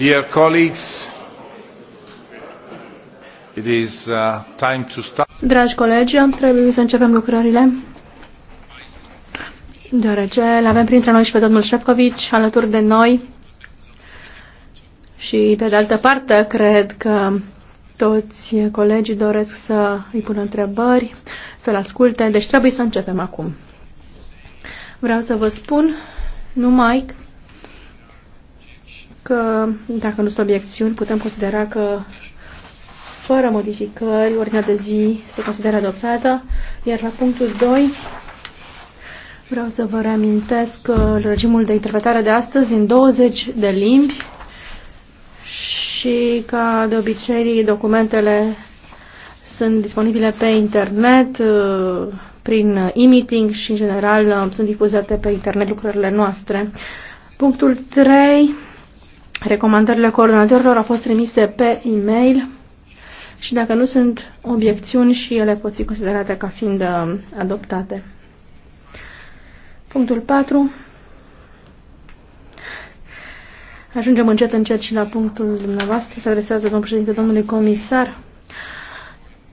Dear colleagues, it is uh, time to start. Dragi colegi, trebuie să începem lucrările, deoarece îl avem printre noi și pe domnul Șefcovici alături de noi și, pe de altă parte, cred că toți colegii doresc să îi pună întrebări, să-l asculte, deci trebuie să începem acum. Vreau să vă spun numai că, dacă nu sunt obiecțiuni, putem considera că, fără modificări, ordinea de zi se consideră adoptată. Iar la punctul 2, vreau să vă reamintesc că regimul de interpretare de astăzi din 20 de limbi și, ca de obicei, documentele sunt disponibile pe internet, uh, prin e-meeting și, în general, uh, sunt difuzate pe internet lucrările noastre. Punctul 3 Recomandările coordonatorilor au fost trimise pe e-mail și dacă nu sunt obiecțiuni și ele pot fi considerate ca fiind uh, adoptate. Punctul 4. Ajungem încet încet și la punctul dumneavoastră. Se adresează domnul președinte, domnului comisar.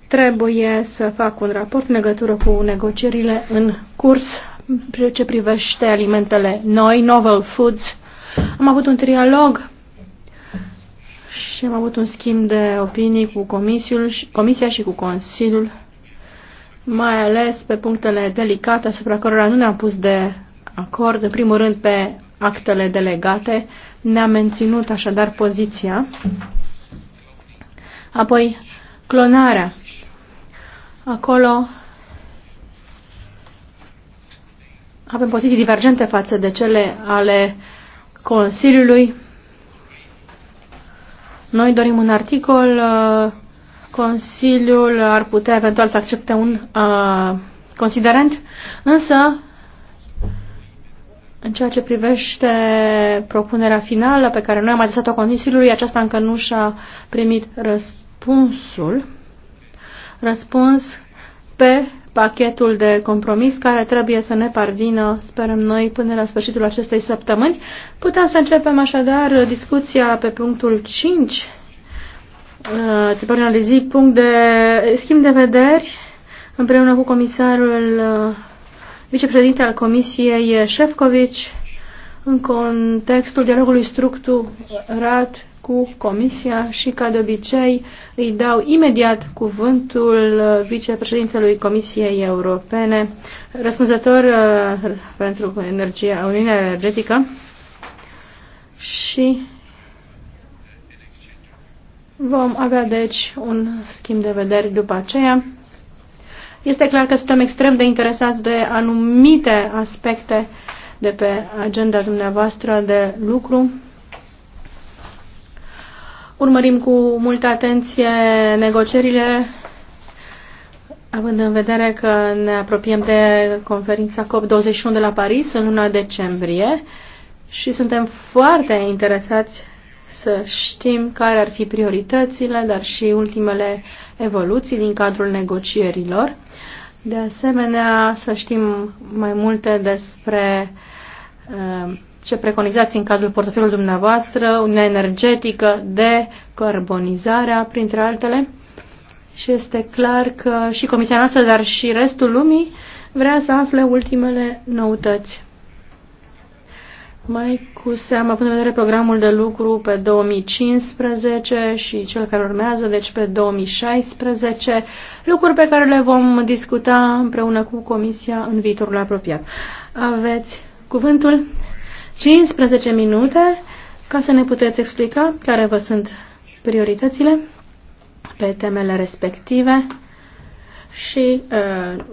Trebuie să fac un raport în legătură cu negocierile în curs ce privește alimentele noi, novel foods. Am avut un trialog și am avut un schimb de opinii cu comisiul, Comisia și cu Consiliul, mai ales pe punctele delicate asupra cărora nu ne-am pus de acord. În primul rând pe actele delegate, ne-a menținut așadar poziția. Apoi, clonarea. Acolo avem poziții divergente față de cele ale Consiliului noi dorim un articol, uh, Consiliul ar putea eventual să accepte un uh, considerent, însă în ceea ce privește propunerea finală pe care noi am adresat-o Consiliului, aceasta încă nu și-a primit răspunsul. Răspuns pe pachetul de compromis care trebuie să ne parvină, sperăm noi, până la sfârșitul acestei săptămâni. Putem să începem așadar discuția pe punctul 5, uh, de zi, punct de schimb de vederi împreună cu comisarul uh, vicepreședinte al Comisiei Șefcovici în contextul dialogului structurat cu Comisia și, ca de obicei, îi dau imediat cuvântul vicepreședintelui Comisiei Europene, răspunzător uh, pentru energia, Uniunea Energetică și vom avea, deci, un schimb de vederi după aceea. Este clar că suntem extrem de interesați de anumite aspecte de pe agenda dumneavoastră de lucru Urmărim cu multă atenție negocierile, având în vedere că ne apropiem de conferința COP21 de la Paris în luna decembrie și suntem foarte interesați să știm care ar fi prioritățile, dar și ultimele evoluții din cadrul negocierilor. De asemenea, să știm mai multe despre uh, ce preconizați în cadrul portofelului dumneavoastră, uniunea energetică, decarbonizarea, printre altele. Și este clar că și Comisia noastră, dar și restul lumii, vrea să afle ultimele noutăți. Mai cu seamă, până în vedere programul de lucru pe 2015 și cel care urmează, deci pe 2016, lucruri pe care le vom discuta împreună cu Comisia în viitorul apropiat. Aveți cuvântul 15 minute ca să ne puteți explica care vă sunt prioritățile pe temele respective și uh,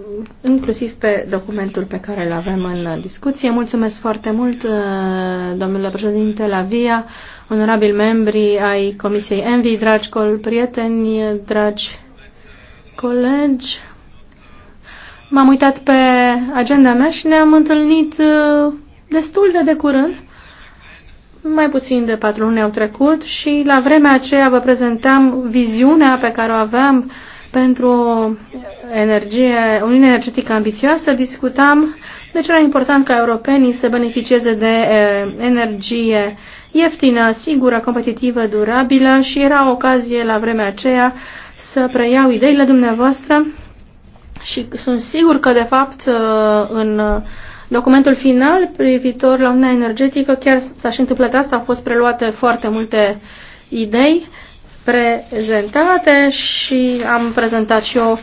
inclusiv pe documentul pe care îl avem în discuție. Mulțumesc foarte mult, uh, domnule președinte Lavia, onorabili membri ai Comisiei Envi, dragi col prieteni, dragi colegi. M-am uitat pe agenda mea și ne-am întâlnit uh, destul de de curând, mai puțin de patru luni au trecut și la vremea aceea vă prezentam viziunea pe care o aveam pentru o energie, uniune energetică ambițioasă, discutam de ce era important ca europenii să beneficieze de energie ieftină, sigură, competitivă, durabilă și era o ocazie la vremea aceea să preiau ideile dumneavoastră și sunt sigur că, de fapt, în documentul final privitor la Uniunea Energetică, chiar s-a și întâmplat asta, au fost preluate foarte multe idei prezentate și am prezentat și o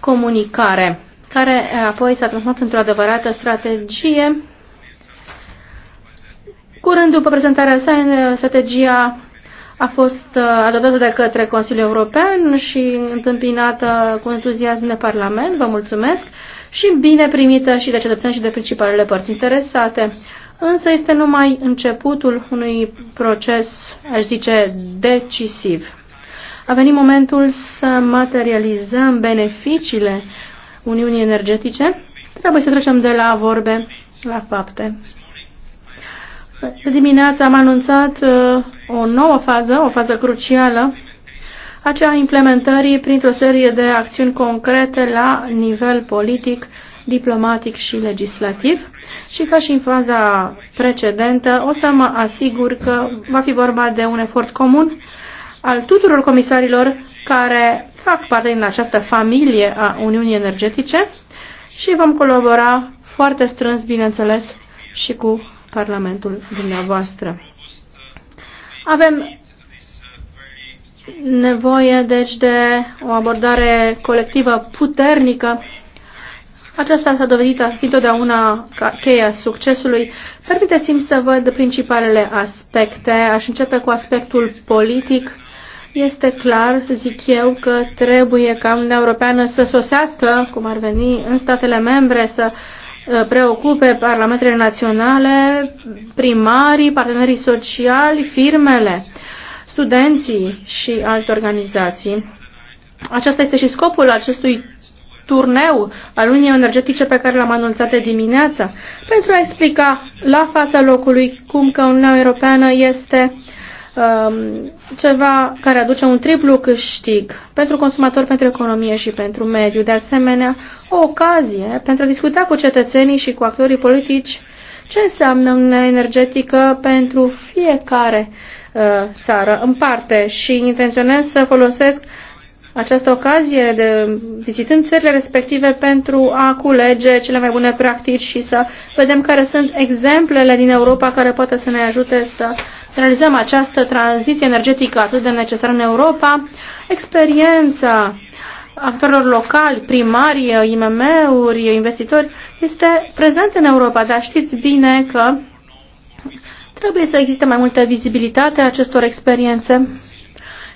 comunicare care apoi s-a transformat într-o adevărată strategie. Curând după prezentarea sa, strategia a fost uh, adoptată de către Consiliul European și întâmpinată cu entuziasm de Parlament. Vă mulțumesc! și bine primită și de cetățeni și de principalele părți interesate. Însă este numai începutul unui proces, aș zice, decisiv. A venit momentul să materializăm beneficiile Uniunii Energetice. Trebuie să trecem de la vorbe la fapte. De Dimineața am anunțat uh, o nouă fază, o fază crucială aceea implementării printr-o serie de acțiuni concrete la nivel politic, diplomatic și legislativ și ca și în faza precedentă o să mă asigur că va fi vorba de un efort comun al tuturor comisarilor care fac parte din această familie a Uniunii Energetice și vom colabora foarte strâns, bineînțeles, și cu Parlamentul dumneavoastră. Avem nevoie deci de o abordare colectivă puternică. Aceasta s-a dovedit a fi totdeauna cheia succesului. Permiteți-mi să văd principalele aspecte. Aș începe cu aspectul politic. Este clar, zic eu, că trebuie ca Uniunea Europeană să sosească, cum ar veni, în statele membre, să uh, preocupe parlamentele naționale, primarii, partenerii sociali, firmele studenții și alte organizații. Acesta este și scopul acestui turneu al Uniunii Energetice pe care l-am anunțat de dimineață, pentru a explica la fața locului cum că Uniunea Europeană este um, ceva care aduce un triplu câștig pentru consumator, pentru economie și pentru mediu. De asemenea, o ocazie pentru a discuta cu cetățenii și cu actorii politici ce înseamnă Uniunea Energetică pentru fiecare uh, Uh, țară în parte și intenționez să folosesc această ocazie de vizitând țările respective pentru a culege cele mai bune practici și să vedem care sunt exemplele din Europa care poate să ne ajute să realizăm această tranziție energetică atât de necesară în Europa. Experiența actorilor locali, primari, IMM-uri, investitori este prezent în Europa, dar știți bine că Trebuie să existe mai multă vizibilitate a acestor experiențe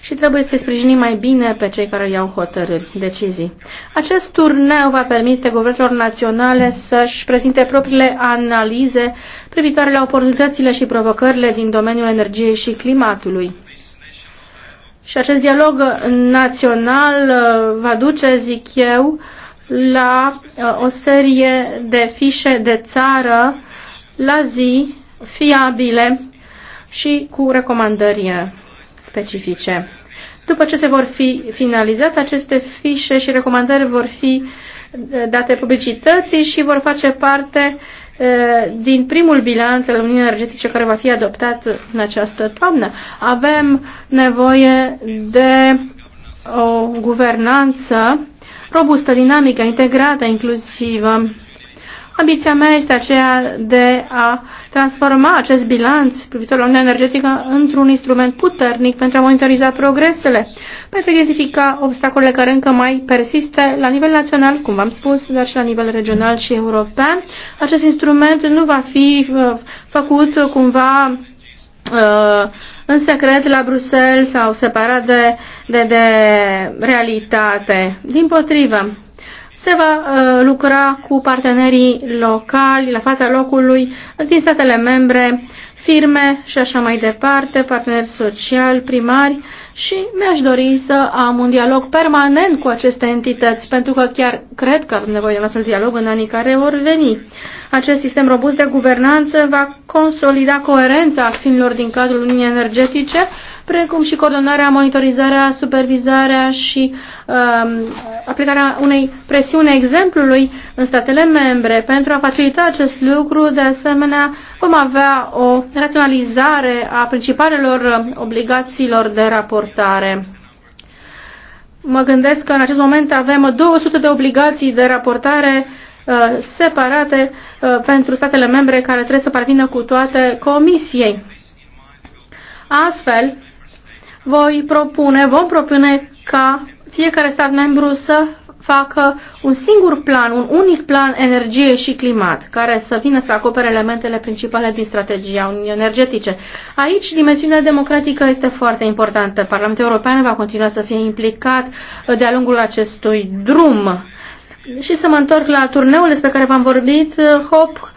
și trebuie să sprijinim mai bine pe cei care iau hotărâri, decizii. Acest turneu va permite guvernelor naționale să-și prezinte propriile analize privitoare la oportunitățile și provocările din domeniul energiei și climatului. Și acest dialog național uh, va duce, zic eu, la uh, o serie de fișe de țară la zi fiabile și cu recomandări specifice. După ce se vor fi finalizate aceste fișe și recomandări vor fi eh, date publicității și vor face parte eh, din primul bilanț al Uniunii Energetice care va fi adoptat în această toamnă. Avem nevoie de o guvernanță robustă, dinamică, integrată, inclusivă Ambiția mea este aceea de a transforma acest bilanț privitor la Uniunea Energetică într-un instrument puternic pentru a monitoriza progresele, pentru a identifica obstacolele care încă mai persistă la nivel național, cum v-am spus, dar și la nivel regional și european. Acest instrument nu va fi uh, făcut cumva uh, în secret la Bruxelles sau separat de, de, de realitate. Din potrivă, se va uh, lucra cu partenerii locali la fața locului din statele membre, firme și așa mai departe, parteneri sociali, primari și mi-aș dori să am un dialog permanent cu aceste entități, pentru că chiar cred că avem nevoie de un astfel dialog în anii care vor veni. Acest sistem robust de guvernanță va consolida coerența acțiunilor din cadrul Uniunii Energetice, precum și coordonarea, monitorizarea, supervizarea și um, aplicarea unei presiuni exemplului în statele membre. Pentru a facilita acest lucru, de asemenea, vom avea o raționalizare a principalelor obligațiilor de raportare. Mă gândesc că în acest moment avem 200 de obligații de raportare uh, separate uh, pentru statele membre care trebuie să parvină cu toate comisiei. Astfel, voi propune, vom propune ca fiecare stat membru să facă un singur plan, un unic plan energie și climat, care să vină să acopere elementele principale din strategia Uniunii Energetice. Aici dimensiunea democratică este foarte importantă. Parlamentul European va continua să fie implicat de-a lungul acestui drum. Și să mă întorc la turneul despre care v-am vorbit, HOP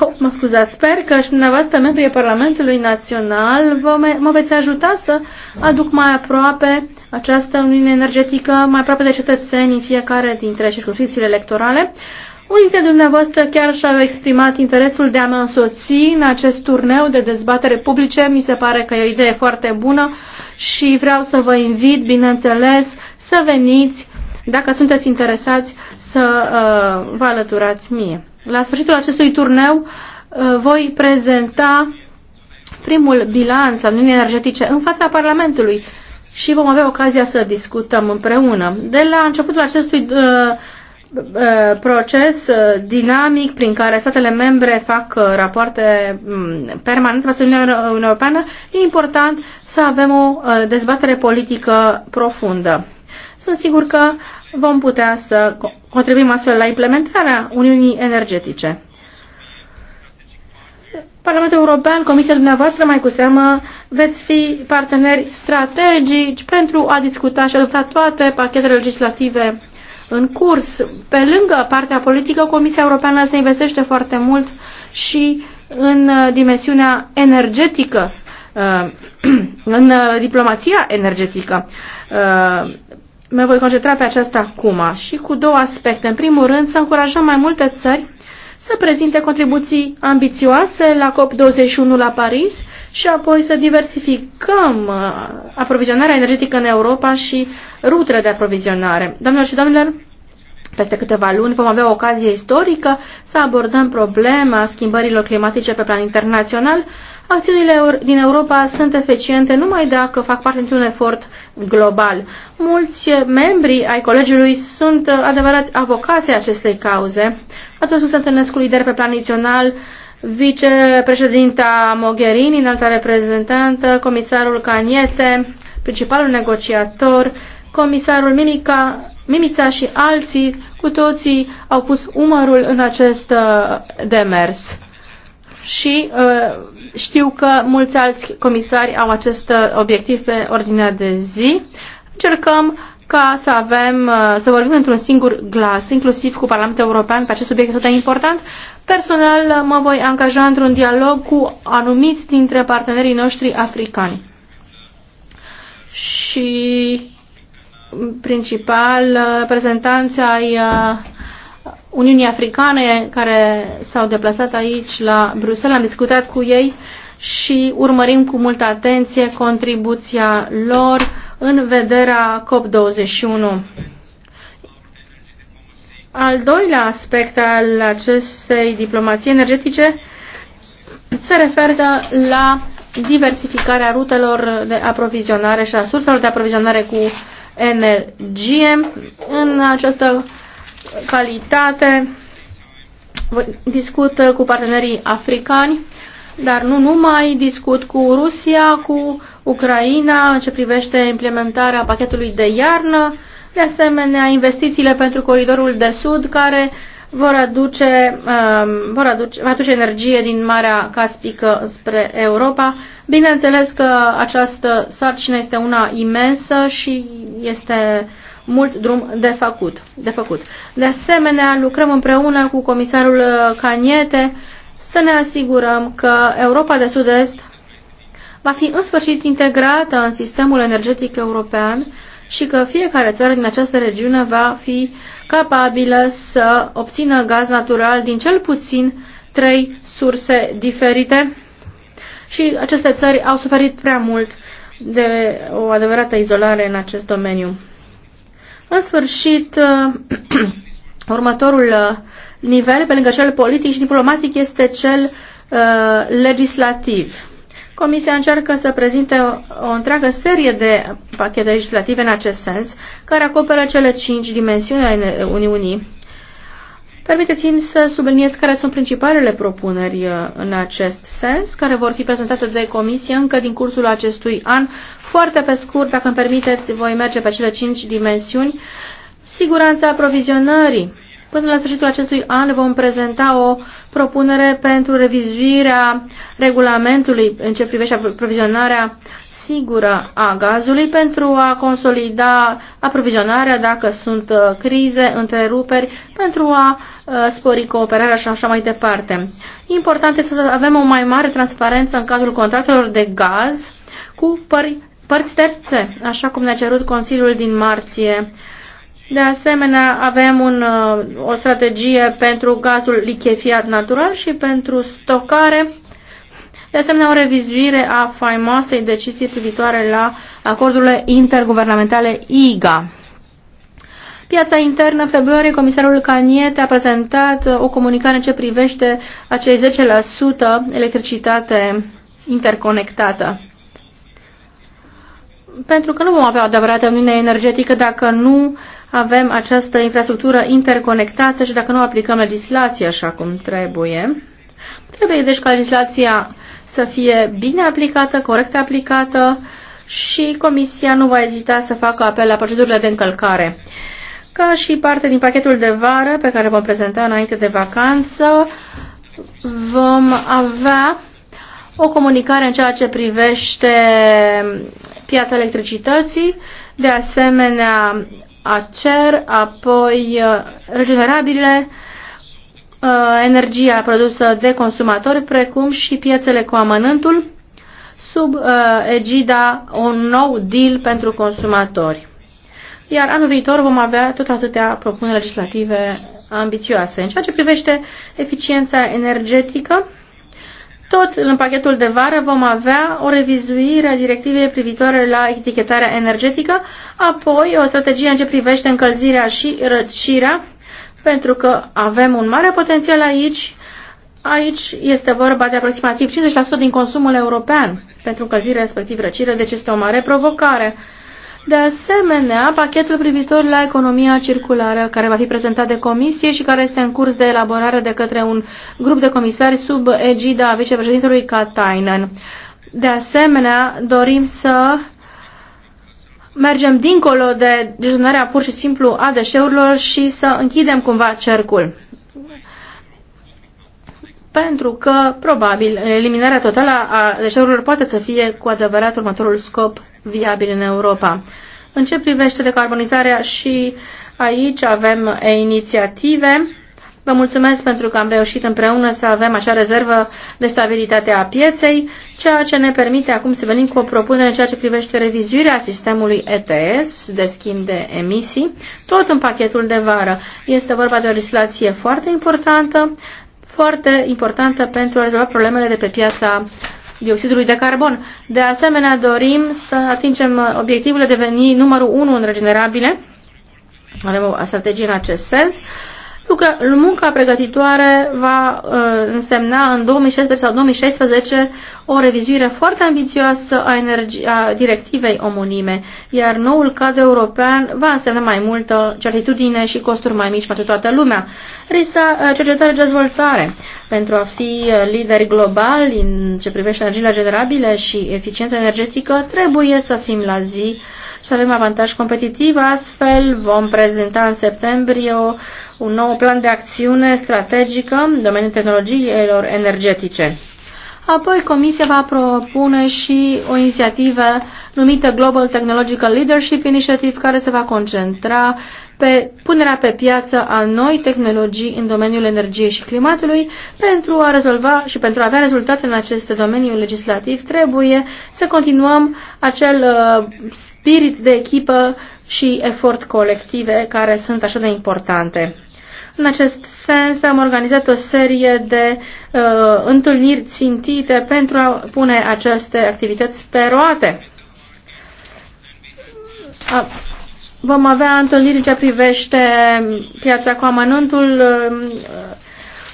Oh, mă scuzați, sper că și dumneavoastră, membrii Parlamentului Național, vă, mă veți ajuta să aduc mai aproape această uniune energetică, mai aproape de cetățeni în fiecare dintre circunscripțiile electorale. Unii dintre dumneavoastră chiar și-au exprimat interesul de a mă însoți în acest turneu de dezbatere publice. Mi se pare că e o idee foarte bună și vreau să vă invit, bineînțeles, să veniți, dacă sunteți interesați, să uh, vă alăturați mie. La sfârșitul acestui turneu uh, voi prezenta primul bilanț al Uniunii Energetice în fața Parlamentului și vom avea ocazia să discutăm împreună. De la începutul acestui uh, uh, proces uh, dinamic prin care statele membre fac uh, rapoarte um, mm, permanente față de Uniunea Europeană, e important să avem o uh, dezbatere politică profundă. Sunt sigur că uh, vom putea să contribuim astfel la implementarea Uniunii Energetice. Parlamentul European, Comisia dumneavoastră, mai cu seamă, veți fi parteneri strategici pentru a discuta și adopta toate pachetele legislative în curs. Pe lângă partea politică, Comisia Europeană se investește foarte mult și în uh, dimensiunea energetică, uh, în uh, diplomația energetică mă voi concentra pe aceasta acum și cu două aspecte. În primul rând, să încurajăm mai multe țări să prezinte contribuții ambițioase la COP21 la Paris și apoi să diversificăm uh, aprovizionarea energetică în Europa și rutele de aprovizionare. Doamnelor și domnilor, peste câteva luni vom avea o ocazie istorică să abordăm problema schimbărilor climatice pe plan internațional Acțiunile din Europa sunt eficiente numai dacă fac parte dintr-un efort global. Mulți membri ai colegiului sunt adevărați avocații acestei cauze. Atunci se întâlnesc cu lideri pe plan național, vicepreședinta Mogherini, înalta reprezentantă, comisarul Caniete, principalul negociator, comisarul Mimica, Mimița și alții, cu toții au pus umărul în acest uh, demers și uh, știu că mulți alți comisari au acest uh, obiectiv pe ordinea de zi. Încercăm ca să avem, uh, să vorbim într-un singur glas, inclusiv cu Parlamentul European, pe acest subiect atât de important. Personal uh, mă voi angaja într-un dialog cu anumiți dintre partenerii noștri africani. Și principal, prezentanța ai uh, Uniunii Africane care s-au deplasat aici la Bruxelles. Am discutat cu ei și urmărim cu multă atenție contribuția lor în vederea COP21. Al doilea aspect al acestei diplomații energetice se referă la diversificarea rutelor de aprovizionare și a surselor de aprovizionare cu energie. În această calitate. Discut uh, cu partenerii africani, dar nu numai, discut cu Rusia, cu Ucraina, în ce privește implementarea pachetului de iarnă, de asemenea investițiile pentru coridorul de sud, care vor aduce, um, vor aduce, vor aduce energie din Marea Caspică spre Europa. Bineînțeles că această sarcină este una imensă și este mult drum de făcut. De, făcut. de asemenea, lucrăm împreună cu comisarul uh, Caniete să ne asigurăm că Europa de Sud-Est va fi în sfârșit integrată în sistemul energetic european și că fiecare țară din această regiune va fi capabilă să obțină gaz natural din cel puțin trei surse diferite și aceste țări au suferit prea mult de o adevărată izolare în acest domeniu. În sfârșit, uh, următorul uh, nivel, pe lângă cel politic și diplomatic, este cel uh, legislativ. Comisia încearcă să prezinte o, o întreagă serie de pachete legislative în acest sens, care acoperă cele cinci dimensiuni ale Uniunii Permiteți-mi să subliniez care sunt principalele propuneri uh, în acest sens, care vor fi prezentate de Comisie încă din cursul acestui an. Foarte pe scurt, dacă îmi permiteți, voi merge pe cele cinci dimensiuni. Siguranța aprovizionării. Până la sfârșitul acestui an vom prezenta o propunere pentru revizuirea regulamentului în ce privește aprovizionarea sigură a gazului pentru a consolida aprovizionarea dacă sunt uh, crize, întreruperi, pentru a uh, spori cooperarea și așa mai departe. Important este să avem o mai mare transparență în cadrul contractelor de gaz cu păr- părți terțe, așa cum ne-a cerut Consiliul din marție. De asemenea, avem un, uh, o strategie pentru gazul lichefiat natural și pentru stocare de asemenea o revizuire a faimoasei decizii privitoare la acordurile interguvernamentale IGA. Piața internă, februarie, comisarul Caniete a prezentat uh, o comunicare în ce privește acei 10% electricitate interconectată pentru că nu vom avea o adevărată uniune energetică dacă nu avem această infrastructură interconectată și dacă nu aplicăm legislația așa cum trebuie. Trebuie deci ca legislația să fie bine aplicată, corect aplicată și Comisia nu va ezita să facă apel la procedurile de încălcare. Ca și parte din pachetul de vară pe care vom prezenta înainte de vacanță, vom avea o comunicare în ceea ce privește piața electricității, de asemenea ACER, apoi regenerabile, Uh, energia produsă de consumatori, precum și piețele cu amănântul, sub uh, egida un nou deal pentru consumatori. Iar anul viitor vom avea tot atâtea propuneri legislative ambițioase. În ceea ce privește eficiența energetică, tot în pachetul de vară vom avea o revizuire a directivei privitoare la etichetarea energetică, apoi o strategie în ce privește încălzirea și răcirea, pentru că avem un mare potențial aici. Aici este vorba de aproximativ 50% din consumul european pentru încălzire respectiv răcire, deci este o mare provocare. De asemenea, pachetul privitor la economia circulară, care va fi prezentat de comisie și care este în curs de elaborare de către un grup de comisari sub egida vicepreședintelui Katainen. De asemenea, dorim să mergem dincolo de gestionarea pur și simplu a deșeurilor și să închidem cumva cercul. Pentru că, probabil, eliminarea totală a deșeurilor poate să fie cu adevărat următorul scop viabil în Europa. În ce privește decarbonizarea și aici avem inițiative Vă mulțumesc pentru că am reușit împreună să avem acea rezervă de stabilitate a pieței, ceea ce ne permite acum să venim cu o propunere în ceea ce privește revizuirea sistemului ETS de schimb de emisii, tot în pachetul de vară. Este vorba de o legislație foarte importantă, foarte importantă pentru a rezolva problemele de pe piața dioxidului de carbon. De asemenea, dorim să atingem obiectivul de deveni numărul 1 în regenerabile. Avem o strategie în acest sens. Uh, Lucra, munca pregătitoare va uh, însemna în 2016 sau 2016 o revizuire foarte ambițioasă a, energi- a directivei omonime, iar noul cadru european va însemna mai multă certitudine și costuri mai mici pentru toată lumea. RISA, uh, cercetare dezvoltare, pentru a fi uh, lideri globali în ce privește energiile generabile și eficiența energetică, trebuie să fim la zi și să avem avantaj competitiv, astfel vom prezenta în septembrie o un nou plan de acțiune strategică în domeniul tehnologiilor energetice. Apoi Comisia va propune și o inițiativă numită Global Technological Leadership Initiative care se va concentra pe punerea pe piață a noi tehnologii în domeniul energiei și climatului. Pentru a rezolva și pentru a avea rezultate în aceste domeniu legislativ trebuie să continuăm acel uh, spirit de echipă și efort colective care sunt așa de importante. În acest sens am organizat o serie de uh, întâlniri țintite pentru a pune aceste activități pe roate. A vom avea întâlniri în ce privește piața cu amănântul, uh,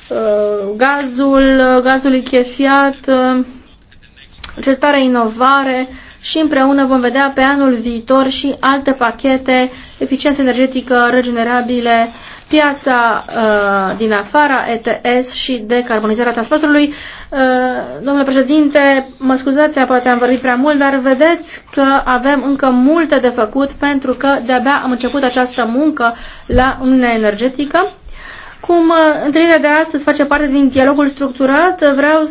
uh, gazul, gazul chefiat, uh, cercetare inovare și împreună vom vedea pe anul viitor și alte pachete, eficiență energetică, regenerabile, piața uh, din afara ETS și decarbonizarea transportului. Uh, domnule președinte, mă scuzați, poate am vorbit prea mult, dar vedeți că avem încă multe de făcut pentru că de-abia am început această muncă la Uniunea Energetică. Cum uh, întâlnirea de astăzi face parte din dialogul structurat, vreau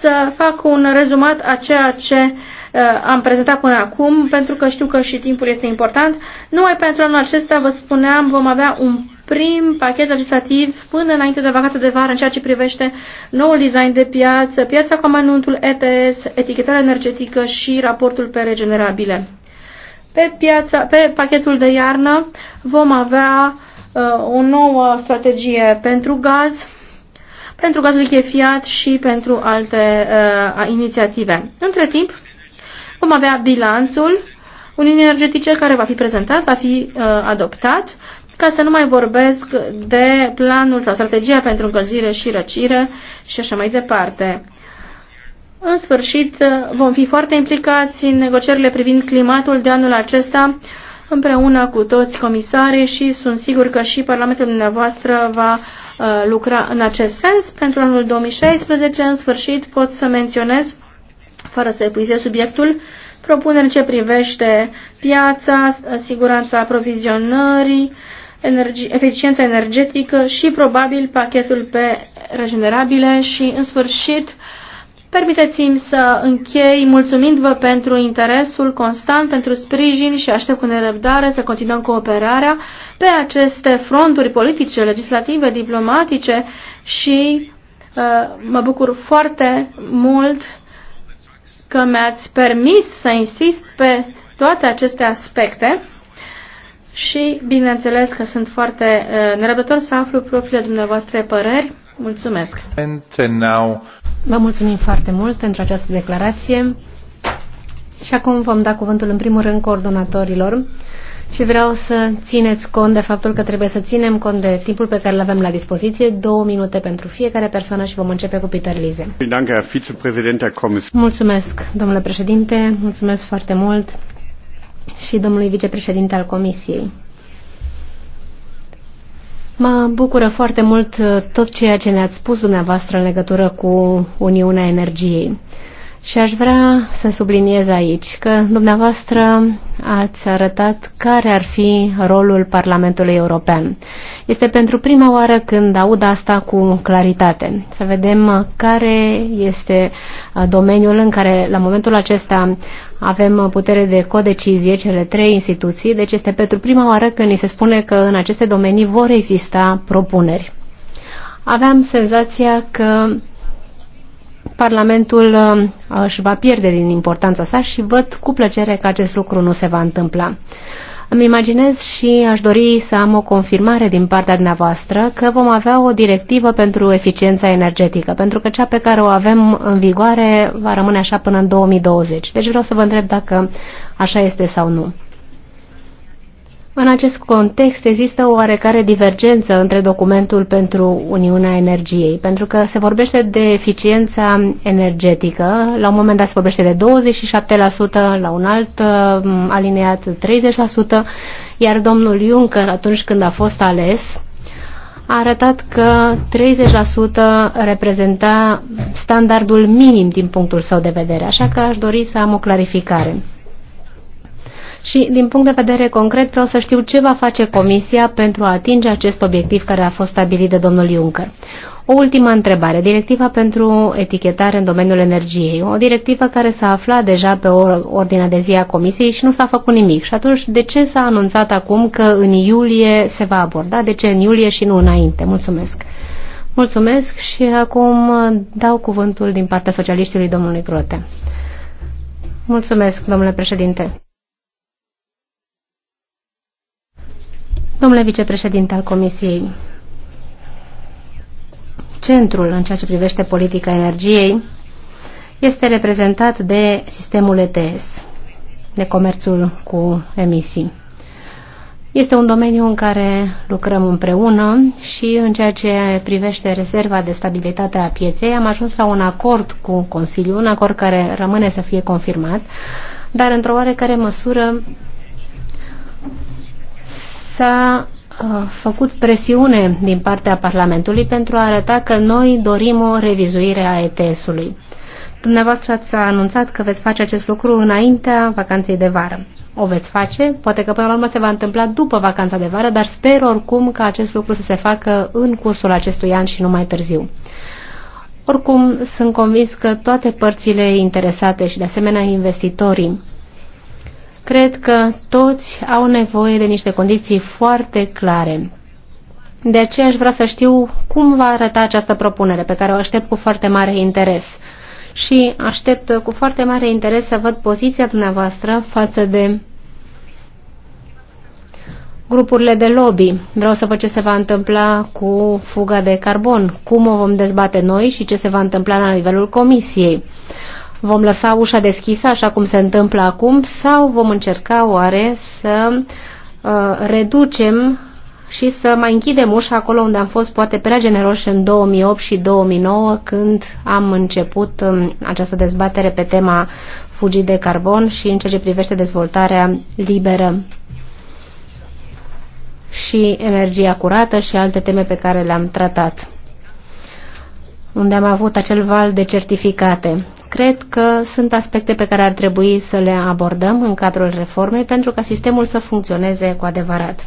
să fac un rezumat a ceea ce uh, am prezentat până acum, pentru că știu că și timpul este important. Numai pentru anul acesta, vă spuneam, vom avea un prim pachet legislativ până înainte de vacanța de vară în ceea ce privește noul design de piață, piața cu amănuntul ETS, etichetarea energetică și raportul pe regenerabile. Pe, piața, pe pachetul de iarnă vom avea uh, o nouă strategie pentru gaz, pentru gazul chefiat și pentru alte uh, inițiative. Între timp, vom avea bilanțul Uniunii Energetice care va fi prezentat, va fi uh, adoptat ca să nu mai vorbesc de planul sau strategia pentru încălzire și răcire și așa mai departe. În sfârșit, vom fi foarte implicați în negocierile privind climatul de anul acesta împreună cu toți comisarii și sunt sigur că și Parlamentul dumneavoastră va uh, lucra în acest sens. Pentru anul 2016, în sfârșit, pot să menționez, fără să epuizez subiectul, propuneri ce privește piața, siguranța aprovizionării, energi eficiența energetică și probabil pachetul pe regenerabile și, în sfârșit, permiteți-mi să închei mulțumindu-vă pentru interesul constant, pentru sprijin și aștept cu nerăbdare să continuăm cooperarea pe aceste fronturi politice, legislative, diplomatice și uh, mă bucur foarte mult că mi-ați permis să insist pe toate aceste aspecte și bineînțeles că sunt foarte uh, nerăbdător să aflu propriile dumneavoastră păreri. Mulțumesc! Vă mulțumim foarte mult pentru această declarație și acum vom da cuvântul în primul rând coordonatorilor și vreau să țineți cont de faptul că trebuie să ținem cont de timpul pe care îl avem la dispoziție, două minute pentru fiecare persoană și vom începe cu Peter Lize. Mulțumesc, domnule președinte, mulțumesc foarte mult și domnului vicepreședinte al Comisiei. Mă bucură foarte mult uh, tot ceea ce ne-ați spus dumneavoastră în legătură cu Uniunea Energiei. Și aș vrea să subliniez aici că dumneavoastră ați arătat care ar fi rolul Parlamentului European. Este pentru prima oară când aud asta cu claritate. Să vedem care este domeniul în care la momentul acesta avem putere de codecizie, cele trei instituții, deci este pentru prima oară când ni se spune că în aceste domenii vor exista propuneri. Aveam senzația că Parlamentul um, uh, își va pierde din importanța sa și văd cu plăcere că acest lucru nu se va întâmpla. Îmi imaginez și aș dori să am o confirmare din partea dumneavoastră că vom avea o directivă pentru eficiența energetică, pentru că cea pe care o avem în vigoare va rămâne așa până în 2020. Deci vreau să vă întreb dacă așa este sau nu. În acest context există o oarecare divergență între documentul pentru Uniunea Energiei, pentru că se vorbește de eficiența energetică, la un moment dat se vorbește de 27%, la un alt mm, alineat 30%, iar domnul Juncker, atunci când a fost ales, a arătat că 30% reprezenta standardul minim din punctul său de vedere, așa că aș dori să am o clarificare. Și, din punct de vedere concret, vreau să știu ce va face Comisia pentru a atinge acest obiectiv care a fost stabilit de domnul Juncker. O ultimă întrebare. Directiva pentru etichetare în domeniul energiei. O directivă care s-a aflat deja pe ordinea de zi a Comisiei și nu s-a făcut nimic. Și atunci, de ce s-a anunțat acum că în iulie se va aborda? De ce în iulie și nu înainte? Mulțumesc. Mulțumesc și acum dau cuvântul din partea socialiștilor domnului Grote. Mulțumesc, domnule președinte. Domnule vicepreședinte al Comisiei, centrul în ceea ce privește politica energiei este reprezentat de sistemul ETS, de comerțul cu emisii. Este un domeniu în care lucrăm împreună și în ceea ce privește rezerva de stabilitate a pieței am ajuns la un acord cu Consiliul, un acord care rămâne să fie confirmat, dar într-o oarecare măsură s-a uh, făcut presiune din partea Parlamentului pentru a arăta că noi dorim o revizuire a ETS-ului. Dumneavoastră ați anunțat că veți face acest lucru înaintea vacanței de vară. O veți face, poate că până la urmă se va întâmpla după vacanța de vară, dar sper oricum că acest lucru să se facă în cursul acestui an și nu mai târziu. Oricum, sunt convins că toate părțile interesate și de asemenea investitorii Cred că toți au nevoie de niște condiții foarte clare. De aceea aș vrea să știu cum va arăta această propunere, pe care o aștept cu foarte mare interes. Și aștept cu foarte mare interes să văd poziția dumneavoastră față de grupurile de lobby. Vreau să văd ce se va întâmpla cu fuga de carbon, cum o vom dezbate noi și ce se va întâmpla la nivelul comisiei. Vom lăsa ușa deschisă, așa cum se întâmplă acum, sau vom încerca oare să uh, reducem și să mai închidem ușa acolo unde am fost poate prea generoși în 2008 și 2009 când am început um, această dezbatere pe tema fugii de carbon și în ceea ce privește dezvoltarea liberă și energia curată și alte teme pe care le-am tratat unde am avut acel val de certificate cred că sunt aspecte pe care ar trebui să le abordăm în cadrul reformei pentru ca sistemul să funcționeze cu adevărat.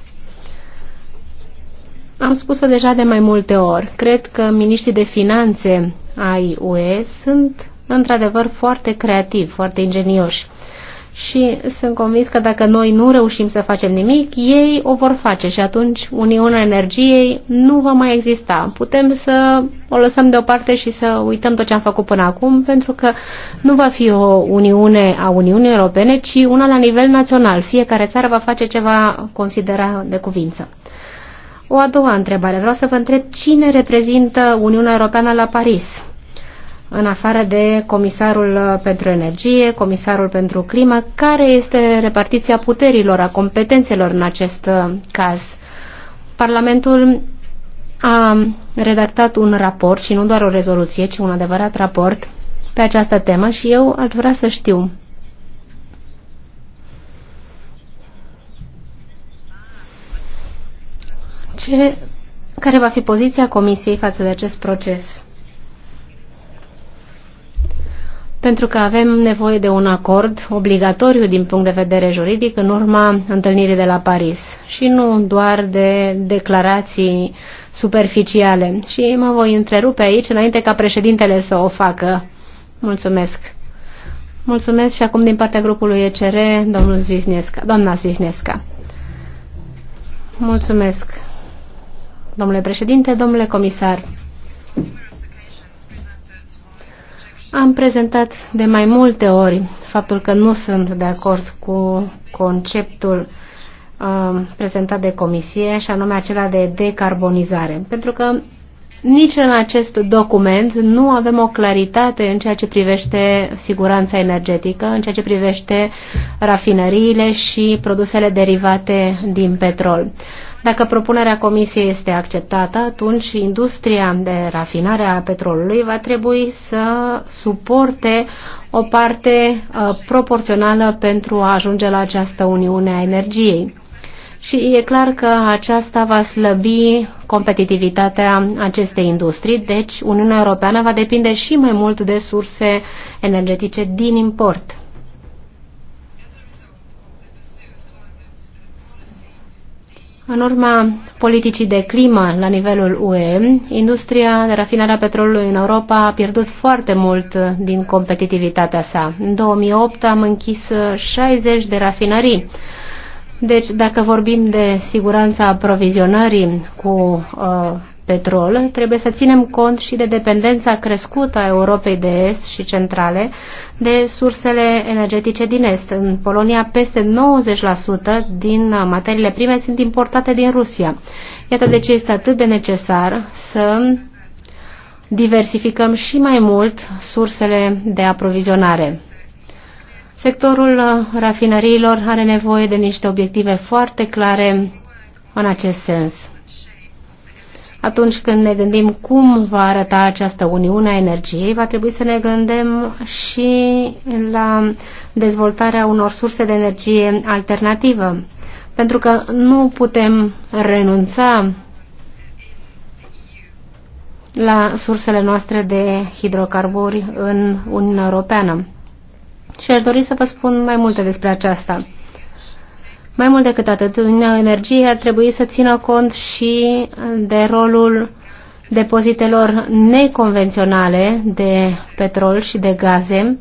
Am spus-o deja de mai multe ori. Cred că miniștrii de finanțe ai UE sunt într-adevăr foarte creativi, foarte ingenioși și sunt convins că dacă noi nu reușim să facem nimic, ei o vor face și atunci Uniunea Energiei nu va mai exista. Putem să o lăsăm deoparte și să uităm tot ce am făcut până acum, pentru că nu va fi o Uniune a Uniunii Europene, ci una la nivel național. Fiecare țară va face ce va considera de cuvință. O a doua întrebare. Vreau să vă întreb cine reprezintă Uniunea Europeană la Paris în afară de comisarul pentru energie, comisarul pentru climă, care este repartiția puterilor, a competențelor în acest uh, caz. Parlamentul a redactat un raport și nu doar o rezoluție, ci un adevărat raport pe această temă și eu aș vrea să știu ce, care va fi poziția Comisiei față de acest proces. pentru că avem nevoie de un acord obligatoriu din punct de vedere juridic în urma întâlnirii de la Paris și nu doar de declarații superficiale. Și mă voi întrerupe aici înainte ca președintele să o facă. Mulțumesc. Mulțumesc și acum din partea grupului ECR, domnul Zihnesca, doamna Zihnesca. Mulțumesc. Domnule președinte, domnule comisar. Am prezentat de mai multe ori faptul că nu sunt de acord cu conceptul uh, prezentat de comisie și anume acela de decarbonizare. Pentru că nici în acest document nu avem o claritate în ceea ce privește siguranța energetică, în ceea ce privește rafinăriile și produsele derivate din petrol. Dacă propunerea comisiei este acceptată, atunci industria de rafinare a petrolului va trebui să suporte o parte uh, proporțională pentru a ajunge la această uniune a energiei. Și e clar că aceasta va slăbi competitivitatea acestei industrii, deci Uniunea Europeană va depinde și mai mult de surse energetice din import. În urma politicii de climă la nivelul UE, industria de rafinare a petrolului în Europa a pierdut foarte mult din competitivitatea sa. În 2008 am închis 60 de rafinării. Deci, dacă vorbim de siguranța aprovizionării cu uh, petrol, trebuie să ținem cont și de dependența crescută a Europei de Est și Centrale de sursele energetice din Est. În Polonia, peste 90% din materiile prime sunt importate din Rusia. Iată de ce este atât de necesar să diversificăm și mai mult sursele de aprovizionare. Sectorul rafinăriilor are nevoie de niște obiective foarte clare în acest sens atunci când ne gândim cum va arăta această Uniune a Energiei, va trebui să ne gândim și la dezvoltarea unor surse de energie alternativă. Pentru că nu putem renunța la sursele noastre de hidrocarburi în Uniunea Europeană. Și aș dori să vă spun mai multe despre aceasta. Mai mult decât atât, Uniunea Energiei ar trebui să țină cont și de rolul depozitelor neconvenționale de petrol și de gaze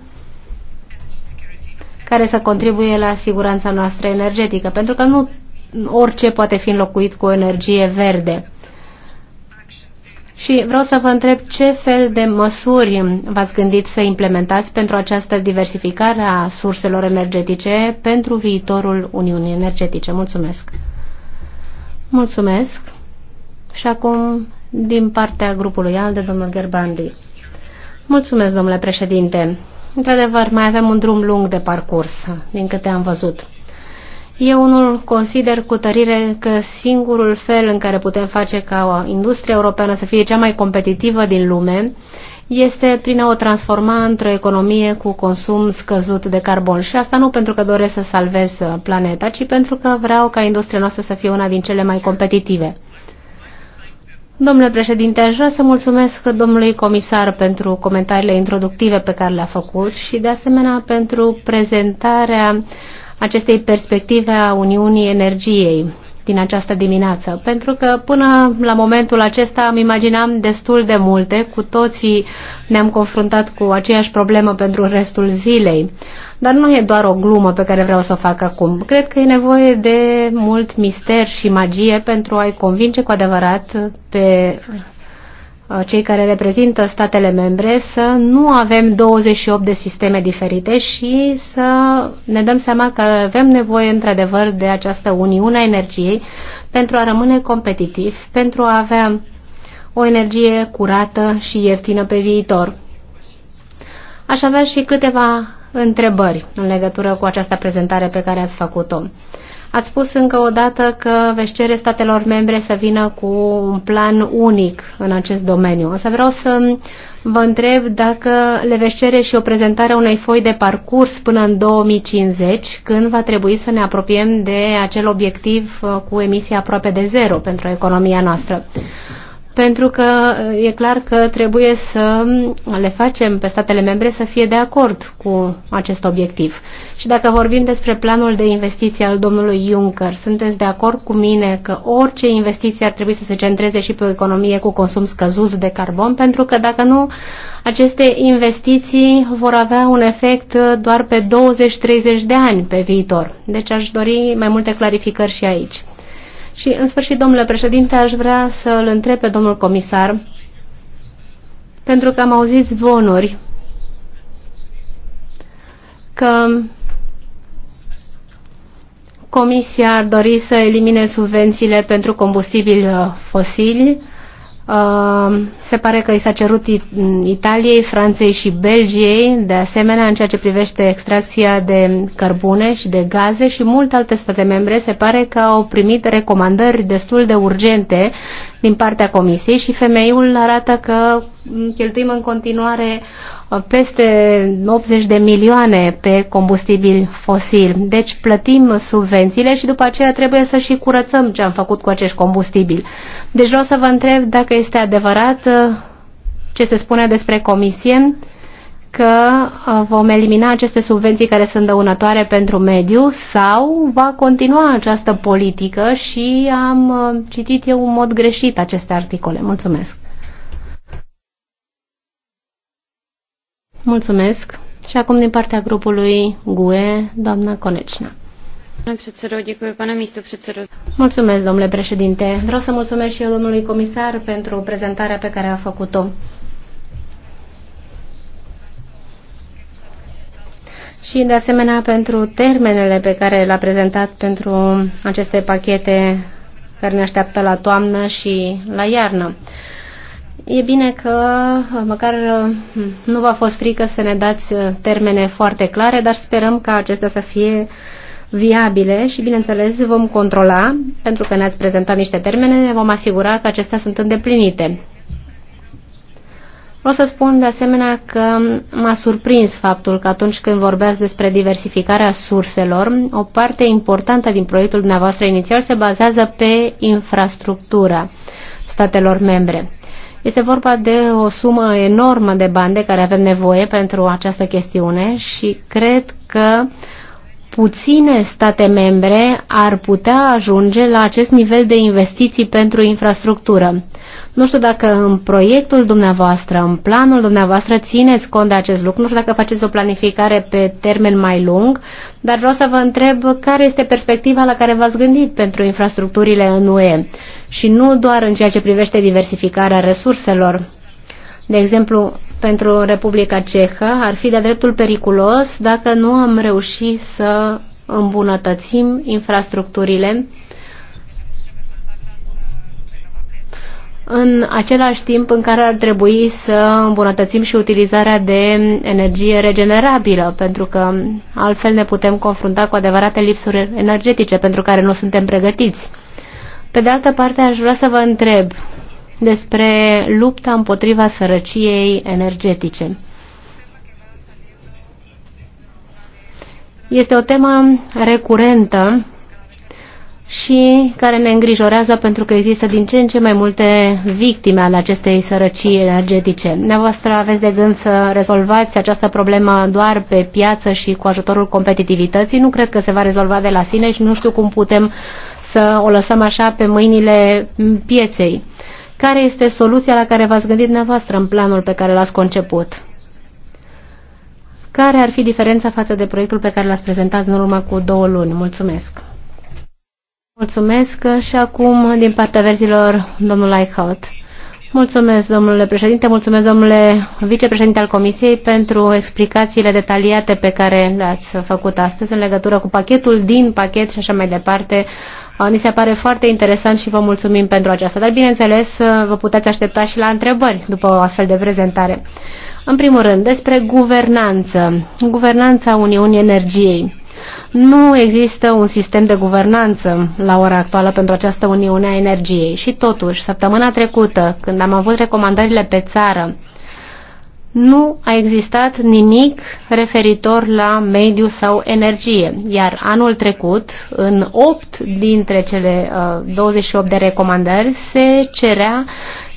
care să contribuie la siguranța noastră energetică, pentru că nu orice poate fi înlocuit cu o energie verde. Și vreau să vă întreb ce fel de măsuri v-ați gândit să implementați pentru această diversificare a surselor energetice pentru viitorul Uniunii Energetice. Mulțumesc! Mulțumesc! Și acum, din partea grupului al de domnul Gerbandi. Mulțumesc, domnule președinte! Într-adevăr, mai avem un drum lung de parcurs, din câte am văzut. Eu unul consider cu tărire că singurul fel în care putem face ca industria europeană să fie cea mai competitivă din lume este prin a o transforma într-o economie cu consum scăzut de carbon. Și asta nu pentru că doresc să salvez planeta, ci pentru că vreau ca industria noastră să fie una din cele mai competitive. Domnule președinte, aș vrea să mulțumesc domnului comisar pentru comentariile introductive pe care le-a făcut și de asemenea pentru prezentarea uh, acestei perspective a Uniunii Energiei din această dimineață, pentru că până la momentul acesta îmi imaginam destul de multe, cu toții ne-am confruntat cu aceeași problemă pentru restul zilei. Dar nu e doar o glumă pe care vreau să o fac acum. Cred că e nevoie de mult mister și magie pentru a-i convinge cu adevărat pe Uh, cei care reprezintă statele membre, să nu avem 28 de sisteme diferite și să ne dăm seama că avem nevoie într-adevăr de această uniune a energiei pentru a rămâne competitiv, pentru a avea o energie curată și ieftină pe viitor. Aș avea și câteva întrebări în legătură cu această prezentare pe care ați făcut-o. Ați spus încă o dată că veți cere statelor membre să vină cu un plan unic în acest domeniu. să vreau să vă întreb dacă le veți cere și o prezentare a unei foi de parcurs până în 2050, când va trebui să ne apropiem de acel obiectiv uh, cu emisia aproape de zero pentru economia noastră pentru că uh, e clar că trebuie să le facem pe statele membre să fie de acord cu acest obiectiv. Și dacă vorbim despre planul de investiții al domnului Juncker, sunteți de acord cu mine că orice investiție ar trebui să se centreze și pe o economie cu consum scăzut de carbon, pentru că dacă nu, aceste investiții vor avea un efect uh, doar pe 20-30 de ani pe viitor. Deci aș dori mai multe clarificări și aici. Și, în sfârșit, domnule președinte, aș vrea să îl întreb pe domnul comisar, pentru că am auzit zvonuri că Comisia ar dori să elimine subvențiile pentru combustibili fosili Uh, se pare că i s-a cerut Italiei, Franței și Belgiei, de asemenea, în ceea ce privește extracția de cărbune și de gaze și multe alte state membre, se pare că au primit recomandări destul de urgente din partea Comisiei și femeiul arată că mm, cheltuim în continuare peste 80 de milioane pe combustibil fosil, Deci plătim subvențiile și după aceea trebuie să și curățăm ce am făcut cu acești combustibili. Deci vreau să vă întreb dacă este adevărat uh, ce se spune despre comisie că uh, vom elimina aceste subvenții care sunt dăunătoare pentru mediu sau va continua această politică și am uh, citit eu în mod greșit aceste articole. Mulțumesc! Mulțumesc. Și acum din partea grupului GUE, doamna Conecina. Mulțumesc, domnule președinte. Vreau să mulțumesc și eu domnului comisar pentru prezentarea pe care a făcut-o. Și, de asemenea, pentru termenele pe care le-a prezentat pentru aceste pachete care ne așteaptă la toamnă și la iarnă. E bine că uh, măcar uh, nu v-a fost frică să ne dați uh, termene foarte clare, dar sperăm ca acestea să fie viabile și, bineînțeles, vom controla, pentru că ne-ați prezentat niște termene, ne vom asigura că acestea sunt îndeplinite. Vreau să spun de asemenea că m-a surprins faptul că atunci când vorbeați despre diversificarea surselor, o parte importantă din proiectul dumneavoastră inițial se bazează pe infrastructura statelor membre. Este vorba de o sumă enormă de bani de care avem nevoie pentru această chestiune și cred că puține state membre ar putea ajunge la acest nivel de investiții pentru infrastructură. Nu știu dacă în proiectul dumneavoastră, în planul dumneavoastră, țineți cont de acest lucru, nu știu dacă faceți o planificare pe termen mai lung, dar vreau să vă întreb care este perspectiva la care v-ați gândit pentru infrastructurile în UE și nu doar în ceea ce privește diversificarea resurselor. De exemplu, pentru Republica Cehă ar fi de dreptul periculos dacă nu am reușit să îmbunătățim infrastructurile în același timp în care ar trebui să îmbunătățim și utilizarea de energie regenerabilă, pentru că altfel ne putem confrunta cu adevărate lipsuri energetice pentru care nu suntem pregătiți. Pe de altă parte, aș vrea să vă întreb despre lupta împotriva sărăciei energetice. Este o temă recurentă și care ne îngrijorează pentru că există din ce în ce mai multe victime ale acestei sărăcii energetice. Dumneavoastră aveți de gând să rezolvați această problemă doar pe piață și cu ajutorul competitivității. Nu cred că se va rezolva de la sine și nu știu cum putem să o lăsăm așa pe mâinile pieței. Care este soluția la care v-ați gândit dumneavoastră în planul pe care l-ați conceput? Care ar fi diferența față de proiectul pe care l-ați prezentat în urmă cu două luni? Mulțumesc! Mulțumesc și acum din partea verzilor domnul Eichhout. Mulțumesc, domnule președinte, mulțumesc, domnule vicepreședinte al Comisiei, pentru explicațiile detaliate pe care le-ați făcut astăzi în legătură cu pachetul din pachet și așa mai departe Ah, ni se pare foarte interesant și vă mulțumim pentru aceasta. Dar, bineînțeles, eh, vă puteți aștepta și la întrebări după o astfel de prezentare. În primul rând, despre guvernanță, guvernanța Uniunii Energiei. Nu există un sistem de guvernanță la ora actuală pentru această Uniune a Energiei și totuși, săptămâna trecută, când am avut recomandările pe țară nu a existat nimic referitor la mediu sau energie, iar anul trecut, în 8 dintre cele uh, 28 de recomandări, se cerea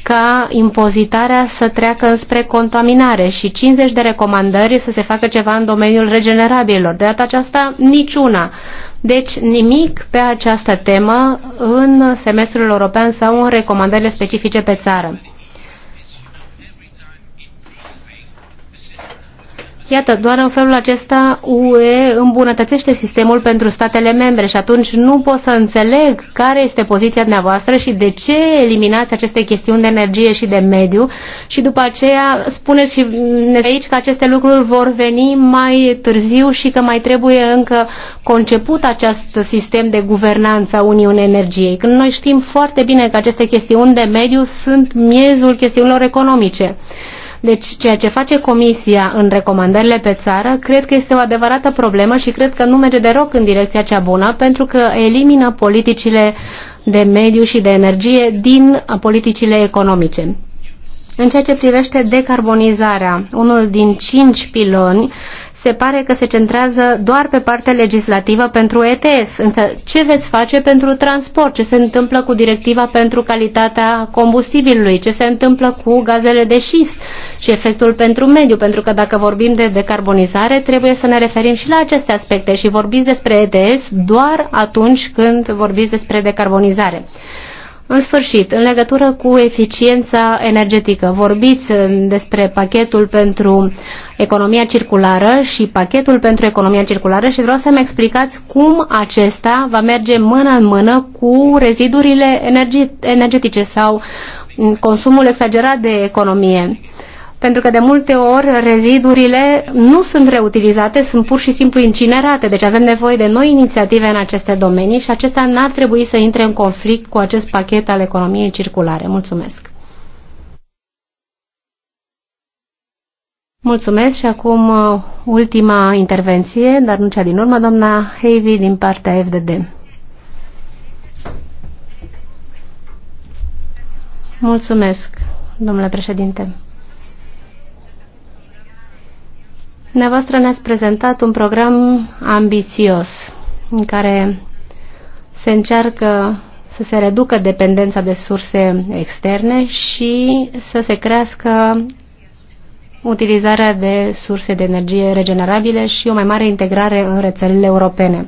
ca impozitarea să treacă spre contaminare și 50 de recomandări să se facă ceva în domeniul regenerabililor. De data aceasta, niciuna. Deci nimic pe această temă în semestrul european sau în recomandările specifice pe țară. Iată, doar în felul acesta UE îmbunătățește sistemul pentru statele membre și atunci nu pot să înțeleg care este poziția dumneavoastră și de ce eliminați aceste chestiuni de energie și de mediu și după aceea spuneți și aici că aceste lucruri vor veni mai târziu și că mai trebuie încă conceput acest sistem de guvernanță a Uniunii Energiei. Când noi știm foarte bine că aceste chestiuni de mediu sunt miezul chestiunilor economice. Deci ceea ce face Comisia în recomandările pe țară, cred că este o adevărată problemă și cred că nu merge deloc în direcția cea bună, pentru că elimină politicile de mediu și de energie din politicile economice. În ceea ce privește decarbonizarea, unul din cinci piloni se pare că se centrează doar pe partea legislativă pentru ETS. Însă ce veți face pentru transport? Ce se întâmplă cu directiva pentru calitatea combustibilului? Ce se întâmplă cu gazele de șist și efectul pentru mediu? Pentru că dacă vorbim de decarbonizare, trebuie să ne referim și la aceste aspecte și vorbiți despre ETS doar atunci când vorbiți despre decarbonizare. În sfârșit, în legătură cu eficiența energetică, vorbiți uh, despre pachetul pentru economia circulară și pachetul pentru economia circulară și vreau să-mi explicați cum acesta va merge mână în mână cu rezidurile energetice sau mm, consumul exagerat de economie pentru că de multe ori rezidurile nu sunt reutilizate, sunt pur și simplu incinerate. Deci avem nevoie de noi inițiative în aceste domenii și acesta n-ar trebui să intre în conflict cu acest pachet al economiei circulare. Mulțumesc! Mulțumesc și acum uh, ultima intervenție, dar nu cea din urmă, doamna Heavy din partea FDD. Mulțumesc, domnule președinte. Dumneavoastră ne-ați prezentat un program ambițios în care se încearcă să se reducă dependența de surse externe și să se crească utilizarea de surse de energie regenerabile și o mai mare integrare în rețelele europene.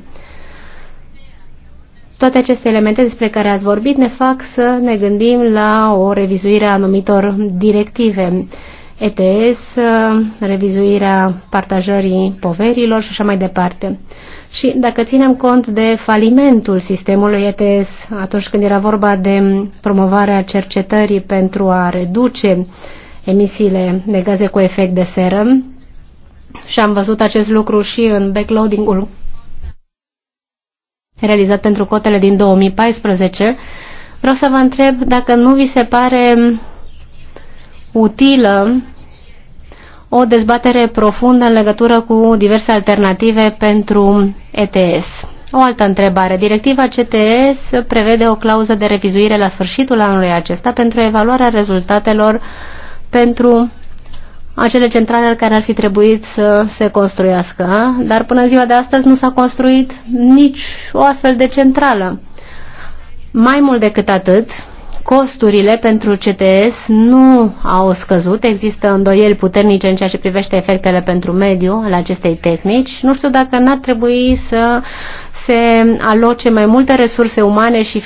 Toate aceste elemente despre care ați vorbit ne fac să ne gândim la o revizuire a anumitor directive ETS, revizuirea partajării poverilor și așa mai departe. Și dacă ținem cont de falimentul sistemului ETS atunci când era vorba de promovarea cercetării pentru a reduce emisiile de gaze cu efect de seră, și am văzut acest lucru și în backloading-ul realizat pentru cotele din 2014, vreau să vă întreb dacă nu vi se pare utilă o dezbatere profundă în legătură cu diverse alternative pentru ETS. O altă întrebare. Directiva CTS prevede o clauză de revizuire la sfârșitul anului acesta pentru evaluarea rezultatelor pentru acele centrale care ar fi trebuit să se construiască, dar până ziua de astăzi nu s-a construit nici o astfel de centrală. Mai mult decât atât, costurile pentru CTS nu au scăzut. Există îndoieli puternice în ceea ce privește efectele pentru mediu al acestei tehnici. Nu știu dacă n-ar trebui să se aloce mai multe resurse umane și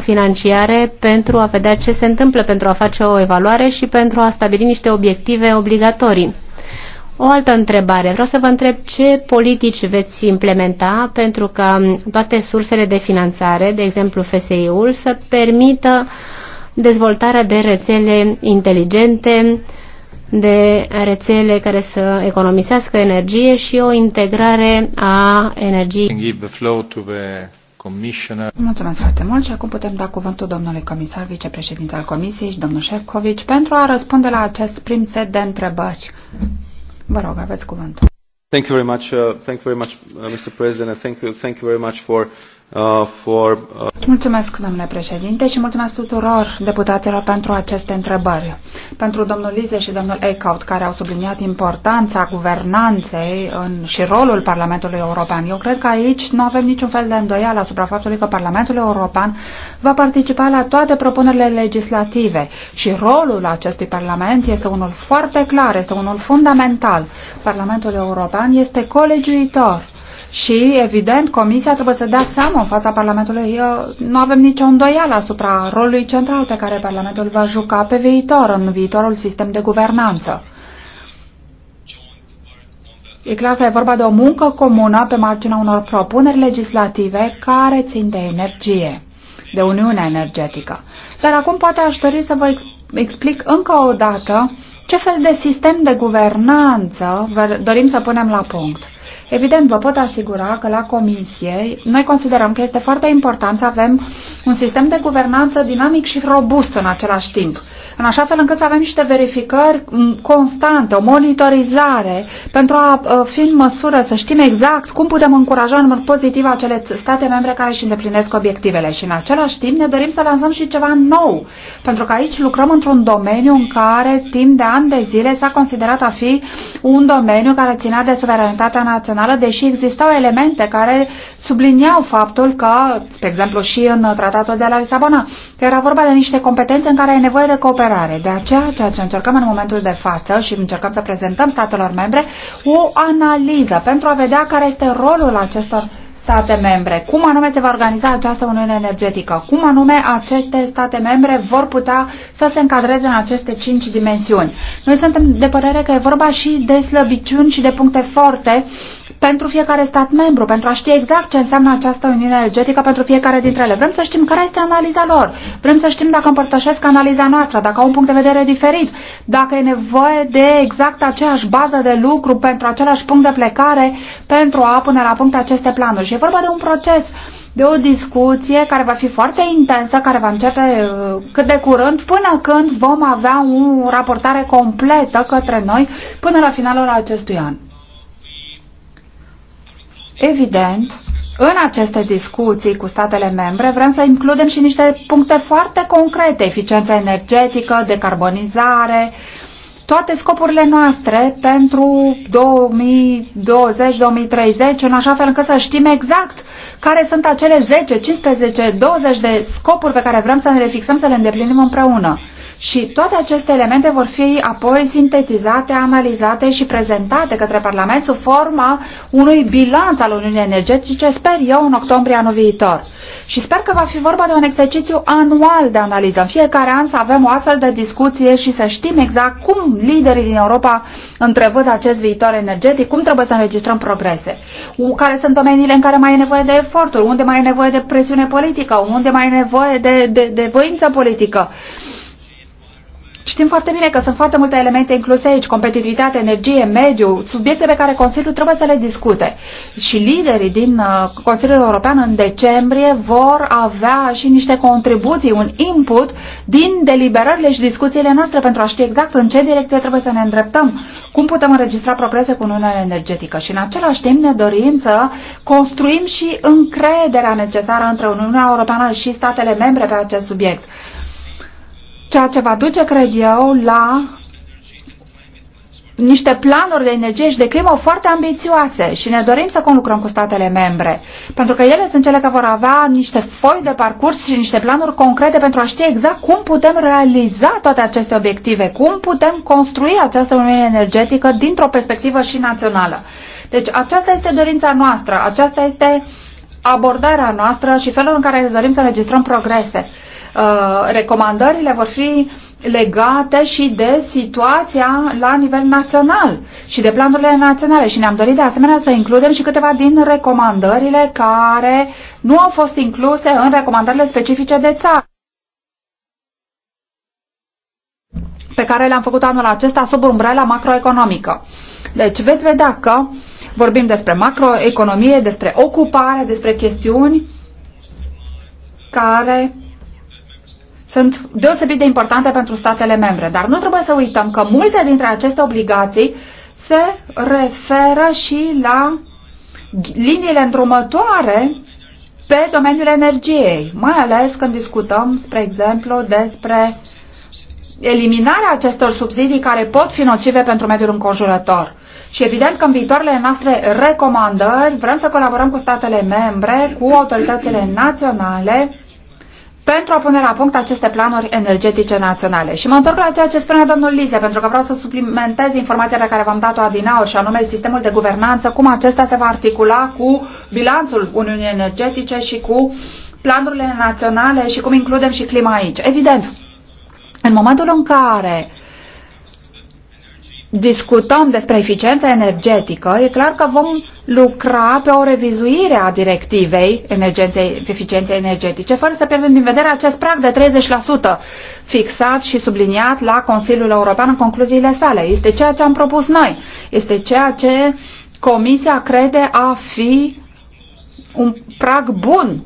financiare pentru a vedea ce se întâmplă, pentru a face o evaluare și pentru a stabili niște obiective obligatorii. O altă întrebare. Vreau să vă întreb ce politici veți implementa pentru ca toate sursele de finanțare, de exemplu FSI-ul, să permită dezvoltarea de rețele inteligente, de rețele care să economisească energie și o integrare a energiei. Mulțumesc foarte mult și acum putem da cuvântul domnului comisar, vicepreședinte al Comisiei și domnul Șefcovici pentru a răspunde la acest prim set de întrebări. Vă rog, aveți cuvântul. Thank you very much, uh, thank you very much, uh, Mr. President, and thank you, thank you very much for Uh, for, uh... Mulțumesc, domnule președinte, și mulțumesc tuturor deputaților pentru aceste întrebări. Pentru domnul Lize și domnul Eichhout, care au subliniat importanța guvernanței în, și rolul Parlamentului European. Eu cred că aici nu avem niciun fel de îndoială asupra faptului că Parlamentul European va participa la toate propunerile legislative și rolul acestui Parlament este unul foarte clar, este unul fundamental. Parlamentul European este colegiuitor și, evident, Comisia trebuie să dea seama în fața Parlamentului. Eu, nu avem nicio îndoială asupra rolului central pe care Parlamentul va juca pe viitor, în viitorul sistem de guvernanță. E clar că e vorba de o muncă comună pe marginea unor propuneri legislative care țin de energie, de Uniunea Energetică. Dar acum poate aș dori să vă explic încă o dată ce fel de sistem de guvernanță dorim să punem la punct. Evident, vă pot asigura că la comisie noi considerăm că este foarte important să avem un sistem de guvernanță dinamic și robust în același timp în așa fel încât să avem niște verificări mm, constante, o monitorizare, pentru a uh, fi în măsură să știm exact cum putem încuraja în mod pozitiv acele state membre care își îndeplinesc obiectivele. Și în același timp ne dorim să lansăm și ceva nou, pentru că aici lucrăm într-un domeniu în care timp de ani de zile s-a considerat a fi un domeniu care ținea de suveranitatea națională, deși existau elemente care subliniau faptul că, spre exemplu și în tratatul de la Lisabona, că era vorba de niște competențe în care e nevoie de cooperare cooperare. De aceea, ceea ce încercăm în momentul de față și încercăm să prezentăm statelor membre, o analiză pentru a vedea care este rolul acestor state membre, cum anume se va organiza această uniune energetică, cum anume aceste state membre vor putea să se încadreze în aceste cinci dimensiuni. Noi suntem de părere că e vorba și de slăbiciuni și de puncte forte pentru fiecare stat membru, pentru a ști exact ce înseamnă această uniune energetică pentru fiecare dintre ele. Vrem să știm care este analiza lor, vrem să știm dacă împărtășesc analiza noastră, dacă au un punct de vedere diferit, dacă e nevoie de exact aceeași bază de lucru pentru același punct de plecare pentru a pune la punct aceste planuri. Și e vorba de un proces de o discuție care va fi foarte intensă, care va începe uh, cât de curând, până când vom avea o raportare completă către noi până la finalul acestui an. Evident, în aceste discuții cu statele membre vrem să includem și niște puncte foarte concrete, eficiența energetică, decarbonizare, toate scopurile noastre pentru 2020-2030, în așa fel încât să știm exact care sunt acele 10, 15, 20 de scopuri pe care vrem să ne refixăm, să le îndeplinim împreună. Și toate aceste elemente vor fi apoi sintetizate, analizate și prezentate către Parlament sub forma unui bilanț al Uniunii Energetice, sper eu, în octombrie anul viitor. Și sper că va fi vorba de un exercițiu anual de analiză. În fiecare an să avem o astfel de discuție și să știm exact cum liderii din Europa întrevăd acest viitor energetic, cum trebuie să înregistrăm progrese, care sunt domeniile în care mai e nevoie de eforturi, unde mai e nevoie de presiune politică, unde mai e nevoie de, de, de voință politică. Uh, Știm foarte bine că sunt foarte multe elemente incluse aici, competitivitate, energie, mediu, subiecte pe care Consiliul trebuie să le discute. Și liderii din uh, Consiliul European în decembrie vor avea și niște contribuții, un input din deliberările și discuțiile noastre pentru a ști exact în ce direcție trebuie să ne îndreptăm, cum putem înregistra progrese cu uniunea energetică. Și în același timp ne dorim să construim și încrederea necesară între Uniunea Europeană și statele membre pe acest subiect ceea ce va duce, cred eu, la niște planuri de energie și de climă foarte ambițioase și ne dorim să conlucrăm cu statele membre, pentru că ele sunt cele care vor avea niște foi de parcurs și niște planuri concrete pentru a ști exact cum putem realiza toate aceste obiective, cum putem construi această uniune energetică dintr-o perspectivă și națională. Deci aceasta este dorința noastră, aceasta este abordarea noastră și felul în care ne dorim să înregistrăm progrese. Uh, recomandările vor fi legate și de situația la nivel național și de planurile naționale și ne-am dorit de asemenea să includem și câteva din recomandările care nu au fost incluse în recomandările specifice de țară. pe care le-am făcut anul acesta sub umbrela macroeconomică. Deci veți vedea că vorbim despre macroeconomie, despre ocupare, despre chestiuni care sunt deosebit de importante pentru statele membre, dar nu trebuie să uităm că multe dintre aceste obligații se referă și la liniile îndrumătoare pe domeniul energiei, mai ales când discutăm, spre exemplu, despre eliminarea acestor subsidii care pot fi nocive pentru mediul înconjurător. Și evident că în viitoarele noastre recomandări vrem să colaborăm cu statele membre, cu autoritățile naționale, pentru a pune la punct aceste planuri energetice naționale. Și mă întorc la ceea ce spunea domnul Lize, pentru că vreau să suplimentez informația pe care v-am dat-o adinaur și anume sistemul de guvernanță, cum acesta se va articula cu bilanțul Uniunii Energetice și cu planurile naționale și cum includem și clima aici. Evident, în momentul în care discutăm despre eficiența energetică, e clar că vom lucra pe o revizuire a directivei eficienței energetice, fără să pierdem din vedere acest prag de 30% fixat și subliniat la Consiliul European în concluziile sale. Este ceea ce am propus noi. Este ceea ce Comisia crede a fi un prag bun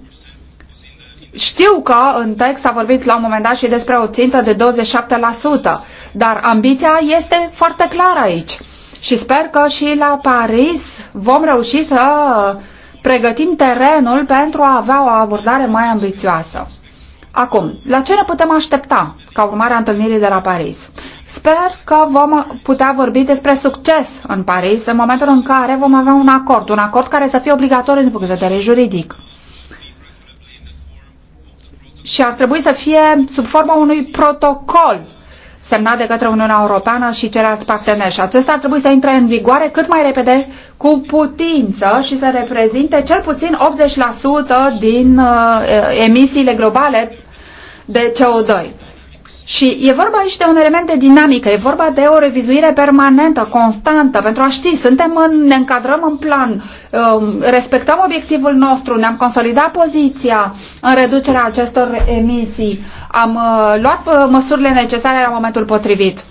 știu că în text a vorbit la un moment dat și despre o țintă de 27%, dar ambiția este foarte clară aici. Și sper că și la Paris vom reuși să pregătim terenul pentru a avea o abordare mai ambițioasă. Acum, la ce ne putem aștepta ca urmare a întâlnirii de la Paris? Sper că vom putea vorbi despre succes în Paris în momentul în care vom avea un acord, un acord care să fie obligatoriu din punct de vedere juridic și ar trebui să fie sub forma unui protocol semnat de către Uniunea Europeană și ceilalți parteneri. Și acesta ar trebui să intre în vigoare cât mai repede cu putință și să reprezinte cel puțin 80% din uh, emisiile globale de CO2. Și e vorba aici de un element de dinamică, e vorba de o revizuire permanentă, constantă, pentru a ști, suntem în, ne încadrăm în plan, um, respectăm obiectivul nostru, ne-am consolidat poziția în reducerea acestor emisii, am uh, luat uh, măsurile necesare la momentul potrivit.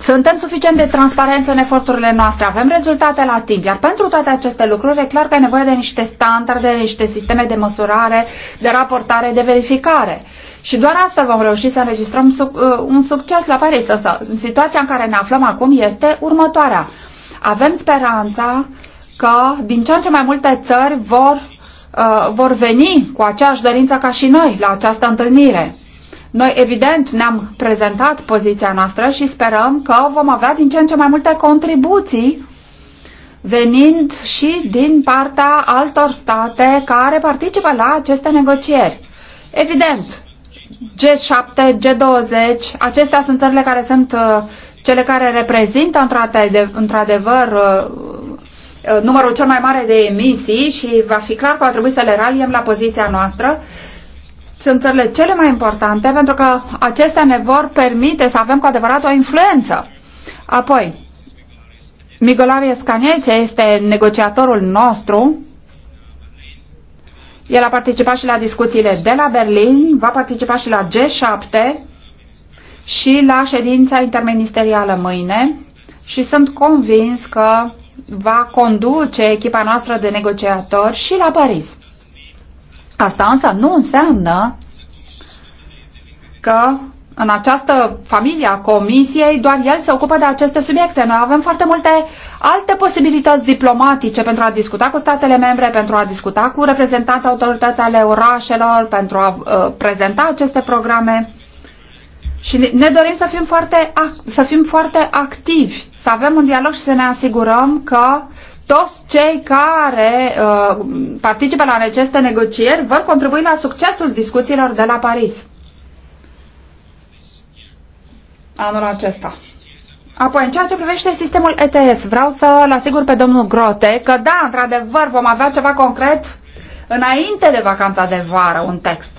Suntem suficient de transparență în eforturile noastre, avem rezultate la timp, iar pentru toate aceste lucruri e clar că e nevoie de niște standarde, de niște sisteme de măsurare, de raportare, de verificare. Și doar astfel vom reuși să înregistrăm uh, un succes la Paris. Însă, situația în care ne aflăm acum este următoarea. Avem speranța că din ce în ce mai multe țări vor, uh, vor veni cu aceeași dorință ca și noi la această întâlnire. Noi, evident, ne-am prezentat poziția noastră și sperăm că vom avea din ce în ce mai multe contribuții venind și din partea altor state care participă la aceste negocieri. Evident, G7, G20, acestea sunt țările care sunt uh, cele care reprezintă într-adevăr uh, uh, numărul cel mai mare de emisii și va fi clar că va trebui să le raliem la poziția noastră sunt țările cele mai importante pentru că acestea ne vor permite să avem cu adevărat o influență. Apoi, Migolare Scaniețe este negociatorul nostru. El a participat și la discuțiile de la Berlin, va participa și la G7 și la ședința interministerială mâine și sunt convins că va conduce echipa noastră de negociatori și la Paris. Asta însă nu înseamnă că în această familie a comisiei doar el se ocupă de aceste subiecte. Noi avem foarte multe alte posibilități diplomatice pentru a discuta cu statele membre, pentru a discuta cu reprezentanța autorități ale orașelor, pentru a uh, prezenta aceste programe. Și ne dorim să fim, foarte, să fim foarte activi, să avem un dialog și să ne asigurăm că toți cei care uh, participă la aceste negocieri vor contribui la succesul discuțiilor de la Paris anul acesta. Apoi, în ceea ce privește sistemul ETS, vreau să-l asigur pe domnul Grote că, da, într-adevăr, vom avea ceva concret înainte de vacanța de vară, un text.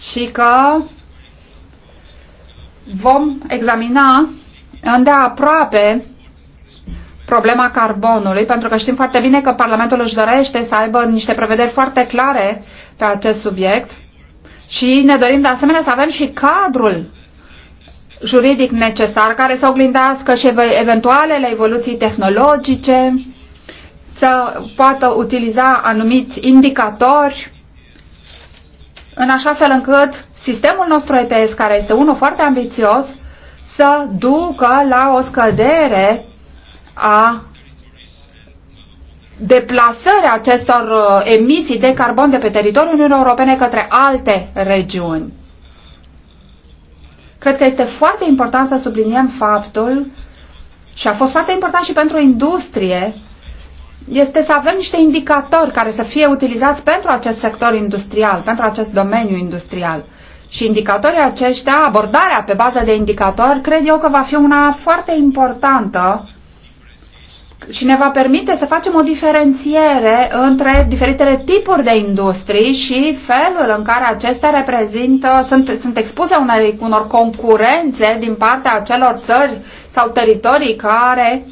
Și că vom examina îndeaproape problema carbonului, pentru că știm foarte bine că Parlamentul își dorește să aibă niște prevederi foarte clare pe acest subiect și ne dorim de asemenea să avem și cadrul juridic necesar care să oglindească și eventualele evoluții tehnologice, să poată utiliza anumiți indicatori, în așa fel încât sistemul nostru ETS, care este unul foarte ambițios, să ducă la o scădere a deplasării acestor uh, emisii de carbon de pe teritoriul Uniunii Europene către alte regiuni. Cred că este foarte important să subliniem faptul și a fost foarte important și pentru industrie este să avem niște indicatori care să fie utilizați pentru acest sector industrial, pentru acest domeniu industrial. Și indicatorii aceștia, abordarea pe bază de indicatori, cred eu că va fi una foarte importantă și ne va permite să facem o diferențiere între diferitele tipuri de industrii și felul în care acestea reprezintă, sunt, sunt expuse unei, unor concurențe din partea acelor țări sau teritorii care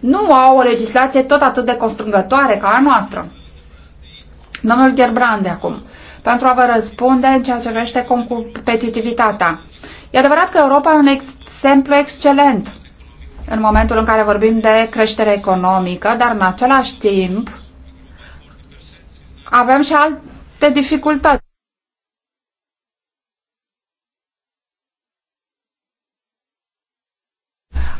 nu au o legislație tot atât de constrângătoare ca a noastră. Domnul de acum, pentru a vă răspunde în ceea ce vrește competitivitatea. E adevărat că Europa e un exemplu excelent în momentul în care vorbim de creștere economică, dar în același timp avem și alte dificultăți.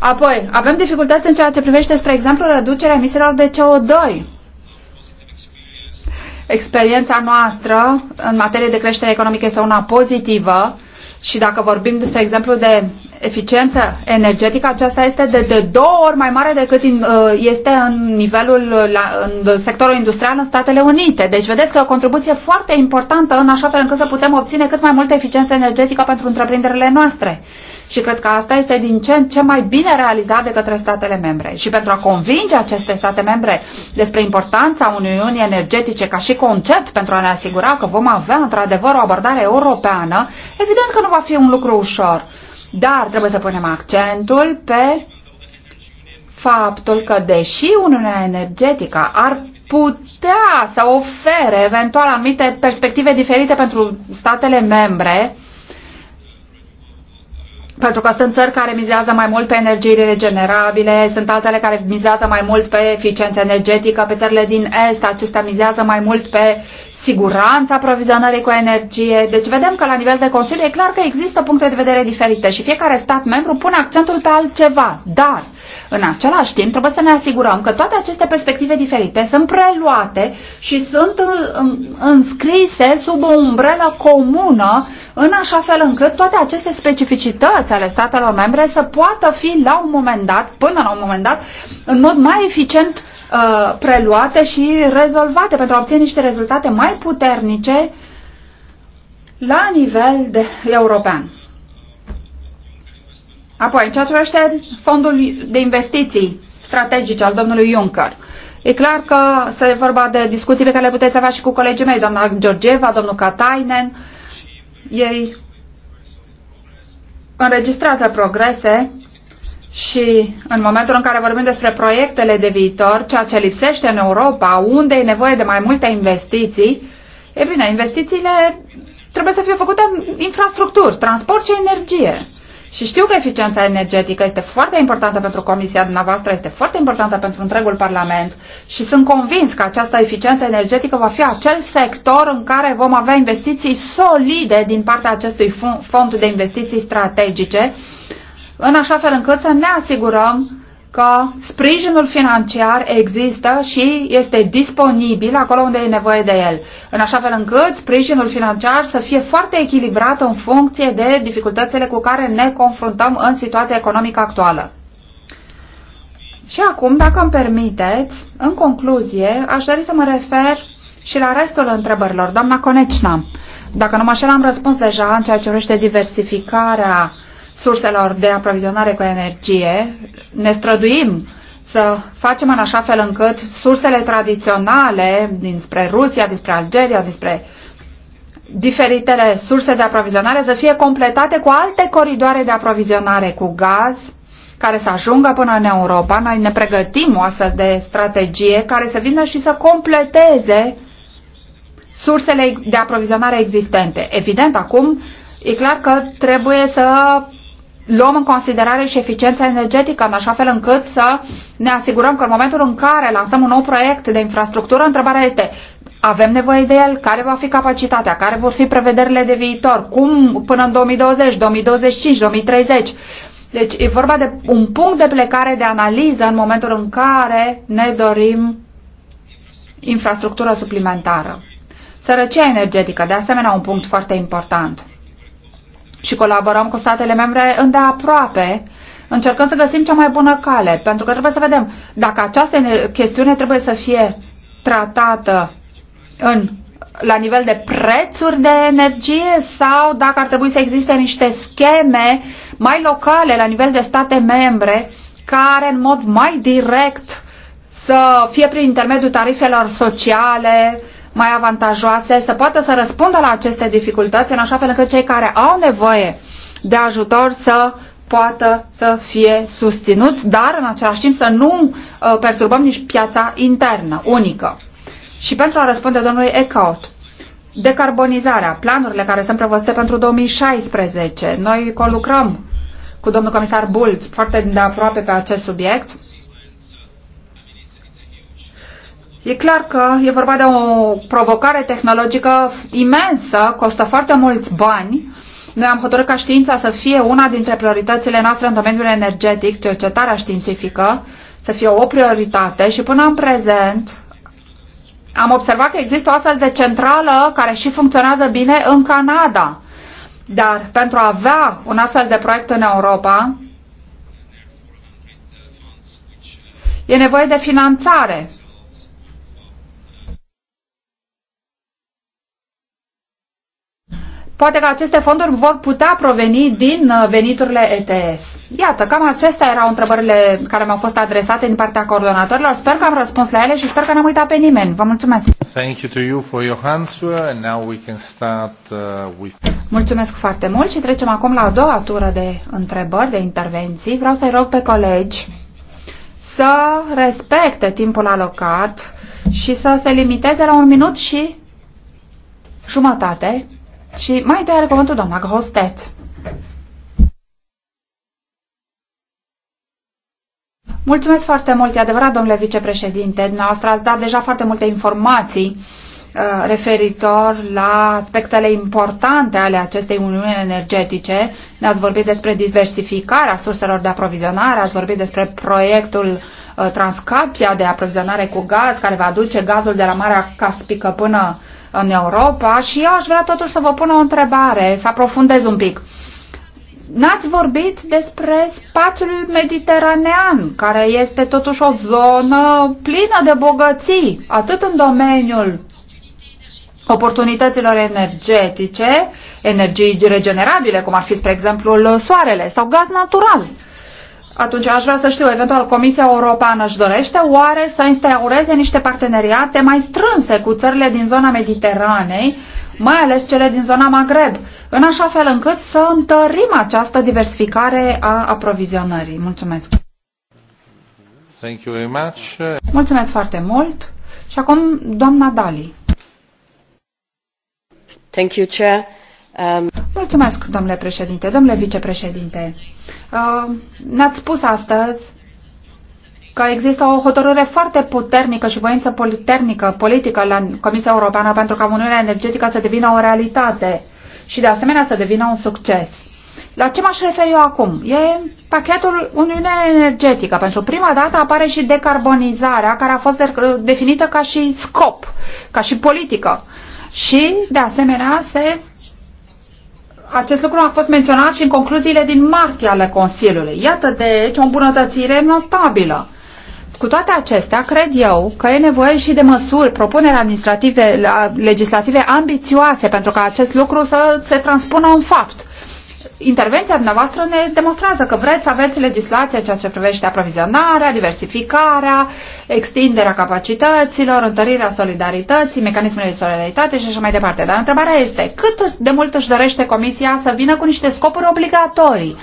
Apoi, avem dificultăți în ceea ce privește, spre exemplu, reducerea emisiilor de CO2. Experiența noastră în materie de creștere economică este una pozitivă și dacă vorbim, spre exemplu, de eficiență energetică, aceasta este de, de două ori mai mare decât in, uh, este în nivelul uh, la, în sectorul industrial în Statele Unite. Deci vedeți că e o contribuție foarte importantă în așa fel încât să putem obține cât mai multă eficiență energetică pentru întreprinderile noastre. Și cred că asta este din ce în ce mai bine realizat de către statele membre. Și pentru a convinge aceste state membre despre importanța Uniunii Energetice ca și concept pentru a ne asigura că vom avea într-adevăr o abordare europeană, evident că nu va fi un lucru ușor dar trebuie să punem accentul pe faptul că deși Uniunea Energetică ar putea să ofere eventual anumite perspective diferite pentru statele membre, pentru că sunt țări care mizează mai mult pe energiile regenerabile, sunt altele care mizează mai mult pe eficiență energetică, pe țările din Est acestea mizează mai mult pe siguranța aprovizionării cu energie. Deci vedem că la nivel de Consiliu e clar că există puncte de vedere diferite și fiecare stat membru pune accentul pe altceva. Dar, în același timp, trebuie să ne asigurăm că toate aceste perspective diferite sunt preluate și sunt uh, înscrise sub o umbrelă comună în așa fel încât toate aceste specificități ale statelor membre să poată fi la un moment dat, până la un moment dat, în mod mai eficient Uh, preluate și rezolvate pentru a obține niște rezultate mai puternice la nivel de european. Apoi, în ceea ce privește fondul de investiții strategice al domnului Juncker, E clar că se vorba de discuții pe care le puteți avea și cu colegii mei, doamna Georgieva, domnul Katainen. Ei înregistrează progrese și în momentul în care vorbim despre proiectele de viitor, ceea ce lipsește în Europa, unde e nevoie de mai multe investiții, e bine, investițiile trebuie să fie făcute în infrastructuri, transport și energie. Și știu că eficiența energetică este foarte importantă pentru comisia dumneavoastră, este foarte importantă pentru întregul Parlament și sunt convins că această eficiență energetică va fi acel sector în care vom avea investiții solide din partea acestui fond de investiții strategice în așa fel încât să ne asigurăm că sprijinul financiar există și este disponibil acolo unde e nevoie de el, în așa fel încât sprijinul financiar să fie foarte echilibrat în funcție de dificultățile cu care ne confruntăm în situația economică actuală. Și acum, dacă îmi permiteți, în concluzie, aș dori să mă refer și la restul întrebărilor. Doamna Conecna, dacă nu mă așa am răspuns deja în ceea ce vrește diversificarea uh, surselor de aprovizionare cu energie, ne străduim să facem în așa fel încât sursele tradiționale dinspre Rusia, dinspre Algeria, dinspre diferitele surse de aprovizionare să fie completate cu alte coridoare de aprovizionare cu gaz care să ajungă până în Europa. Noi ne pregătim o astfel de strategie care să vină și să completeze sursele de aprovizionare existente. Evident, acum e clar că trebuie să luăm în considerare și eficiența energetică, în așa fel încât să ne asigurăm că în momentul în care lansăm un nou proiect de infrastructură, întrebarea este avem nevoie de el, care va fi capacitatea, care vor fi prevederile de viitor, cum până în 2020, 2025, 2030. Deci e vorba de un punct de plecare de analiză în momentul în care ne dorim infrastructură suplimentară. Sărăcia energetică, de asemenea, un punct foarte important și colaborăm cu statele membre îndeaproape, încercând să găsim cea mai bună cale, pentru că trebuie să vedem dacă această chestiune trebuie să fie tratată în, la nivel de prețuri de energie sau dacă ar trebui să existe niște scheme mai locale la nivel de state membre care în mod mai direct să fie prin intermediul tarifelor sociale mai avantajoase să poată să răspundă la aceste dificultăți în așa fel încât cei care au nevoie de ajutor să poată să fie susținuți, dar în același timp să nu uh, perturbăm nici piața internă unică. Și pentru a răspunde domnului Ecaut, decarbonizarea, planurile care sunt prevăzute pentru 2016, noi colucrăm cu domnul comisar Bulț foarte de aproape pe acest subiect, E clar că e vorba de o provocare tehnologică imensă, costă foarte mulți bani. Noi am hotărât ca știința să fie una dintre prioritățile noastre în domeniul energetic, cercetarea științifică, să fie o prioritate și până în prezent am observat că există o astfel de centrală care și funcționează bine în Canada. Dar pentru a avea un astfel de proiect în Europa, e nevoie de finanțare. Poate că aceste fonduri vor putea proveni din uh, veniturile ETS. Iată, cam acestea erau întrebările care mi-au fost adresate din partea coordonatorilor. Sper că am răspuns la ele și sper că n-am uitat pe nimeni. Vă mulțumesc. Thank you to you for your answer and now we can start uh, with Mulțumesc foarte mult și trecem acum la a doua tură de întrebări, de intervenții. Vreau să-i rog pe colegi să respecte timpul alocat și să se limiteze la un minut și jumătate și mai întâi are cuvântul doamna Grostet. Mulțumesc foarte mult, e adevărat, domnule vicepreședinte. Dumneavoastră ați dat deja foarte multe informații uh, referitor la aspectele importante ale acestei uniuni energetice. Ne-ați vorbit despre diversificarea surselor de aprovizionare, ați vorbit despre proiectul uh, Uh, transcapia de aprovizionare cu gaz, care va aduce gazul de la Marea Caspică până în Europa și eu aș vrea totuși să vă pun o întrebare, să aprofundez un pic. N-ați vorbit despre spațiul mediteranean, care este totuși o zonă plină de bogății, atât în domeniul oportunităților energetice, energii regenerabile, cum ar fi, spre exemplu, soarele sau gaz natural. Atunci aș vrea să știu, eventual Comisia Europeană își dorește oare să instaureze niște parteneriate mai strânse cu țările din zona Mediteranei, mai ales cele din zona Maghreb, în așa fel încât să întărim această diversificare a aprovizionării. Mulțumesc! Thank you very much. Mulțumesc foarte mult! Și acum, doamna Dali. Thank you, Chair. Um, Mulțumesc, domnule președinte, domnule vicepreședinte. Uh, ne-ați spus astăzi că există o hotărâre foarte puternică și voință puternică, politică la Comisia Europeană pentru ca Uniunea Energetică să devină o realitate și de asemenea să devină un succes. La ce m-aș referi eu acum? E pachetul Uniunea Energetică. Pentru prima dată apare și decarbonizarea, care a fost definită ca și scop, ca și politică. Și, de asemenea, se acest lucru a fost menționat și în concluziile din martie ale Consiliului. Iată deci o îmbunătățire notabilă. Cu toate acestea, cred eu că e nevoie și de măsuri, propuneri administrative, legislative ambițioase pentru ca acest lucru să se transpună în fapt intervenția dumneavoastră ne demonstrează că vreți să aveți legislația ceea ce privește aprovizionarea, diversificarea, extinderea capacităților, întărirea solidarității, mecanismele de solidaritate și așa mai departe. Dar întrebarea este, cât de mult își dorește Comisia să vină cu niște scopuri obligatorii?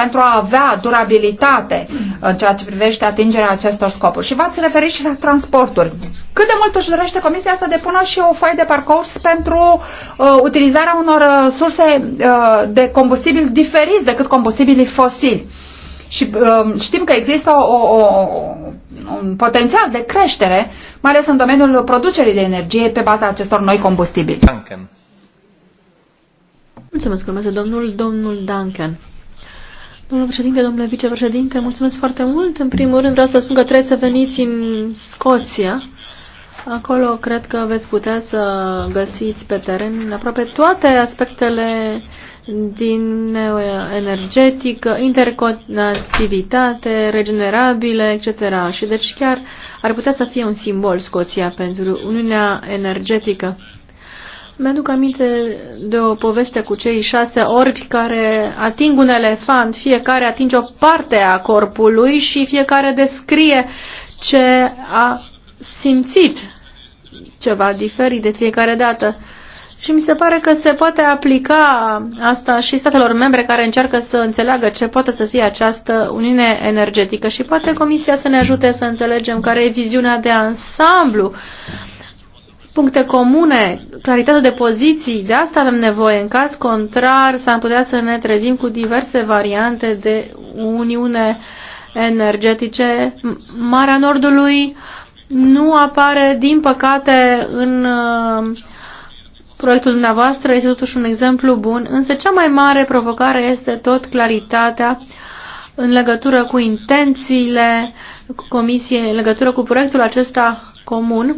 pentru a avea durabilitate în ceea ce privește atingerea acestor scopuri. Și v-ați referit și la transporturi. Cât de mult își dorește Comisia să depună și o foaie de parcurs pentru uh, utilizarea unor uh, surse uh, de combustibil diferiți decât combustibilii fosili? Și uh, știm că există o, o, o, un potențial de creștere, mai ales în domeniul producerii de energie pe baza acestor noi combustibili. Duncan. Mulțumesc, urmează domnul, domnul Duncan. Domnule președinte, domnule vicepreședinte, mulțumesc foarte mult. În primul rând vreau să spun că trebuie să veniți în Scoția. Acolo cred că veți putea să găsiți pe teren aproape toate aspectele din energetică, interconectivitate, regenerabile, etc. Și deci chiar ar putea să fie un simbol Scoția pentru Uniunea Energetică. Mi-aduc aminte de o poveste cu cei șase orbi care ating un elefant, fiecare atinge o parte a corpului și fiecare descrie ce a simțit ceva diferit de fiecare dată. Și mi se pare că se poate aplica asta și statelor membre care încearcă să înțeleagă ce poate să fie această uniune energetică și poate Comisia să ne ajute să înțelegem care e viziunea de ansamblu uh, puncte comune, claritate de poziții, de asta avem nevoie. În caz contrar, s-ar putea să ne trezim cu diverse variante de uniune energetice. Marea Nordului nu apare, din păcate, în uh, proiectul dumneavoastră, este totuși un exemplu bun, însă cea mai mare provocare este tot claritatea în legătură cu intențiile Comisiei, în legătură cu proiectul acesta comun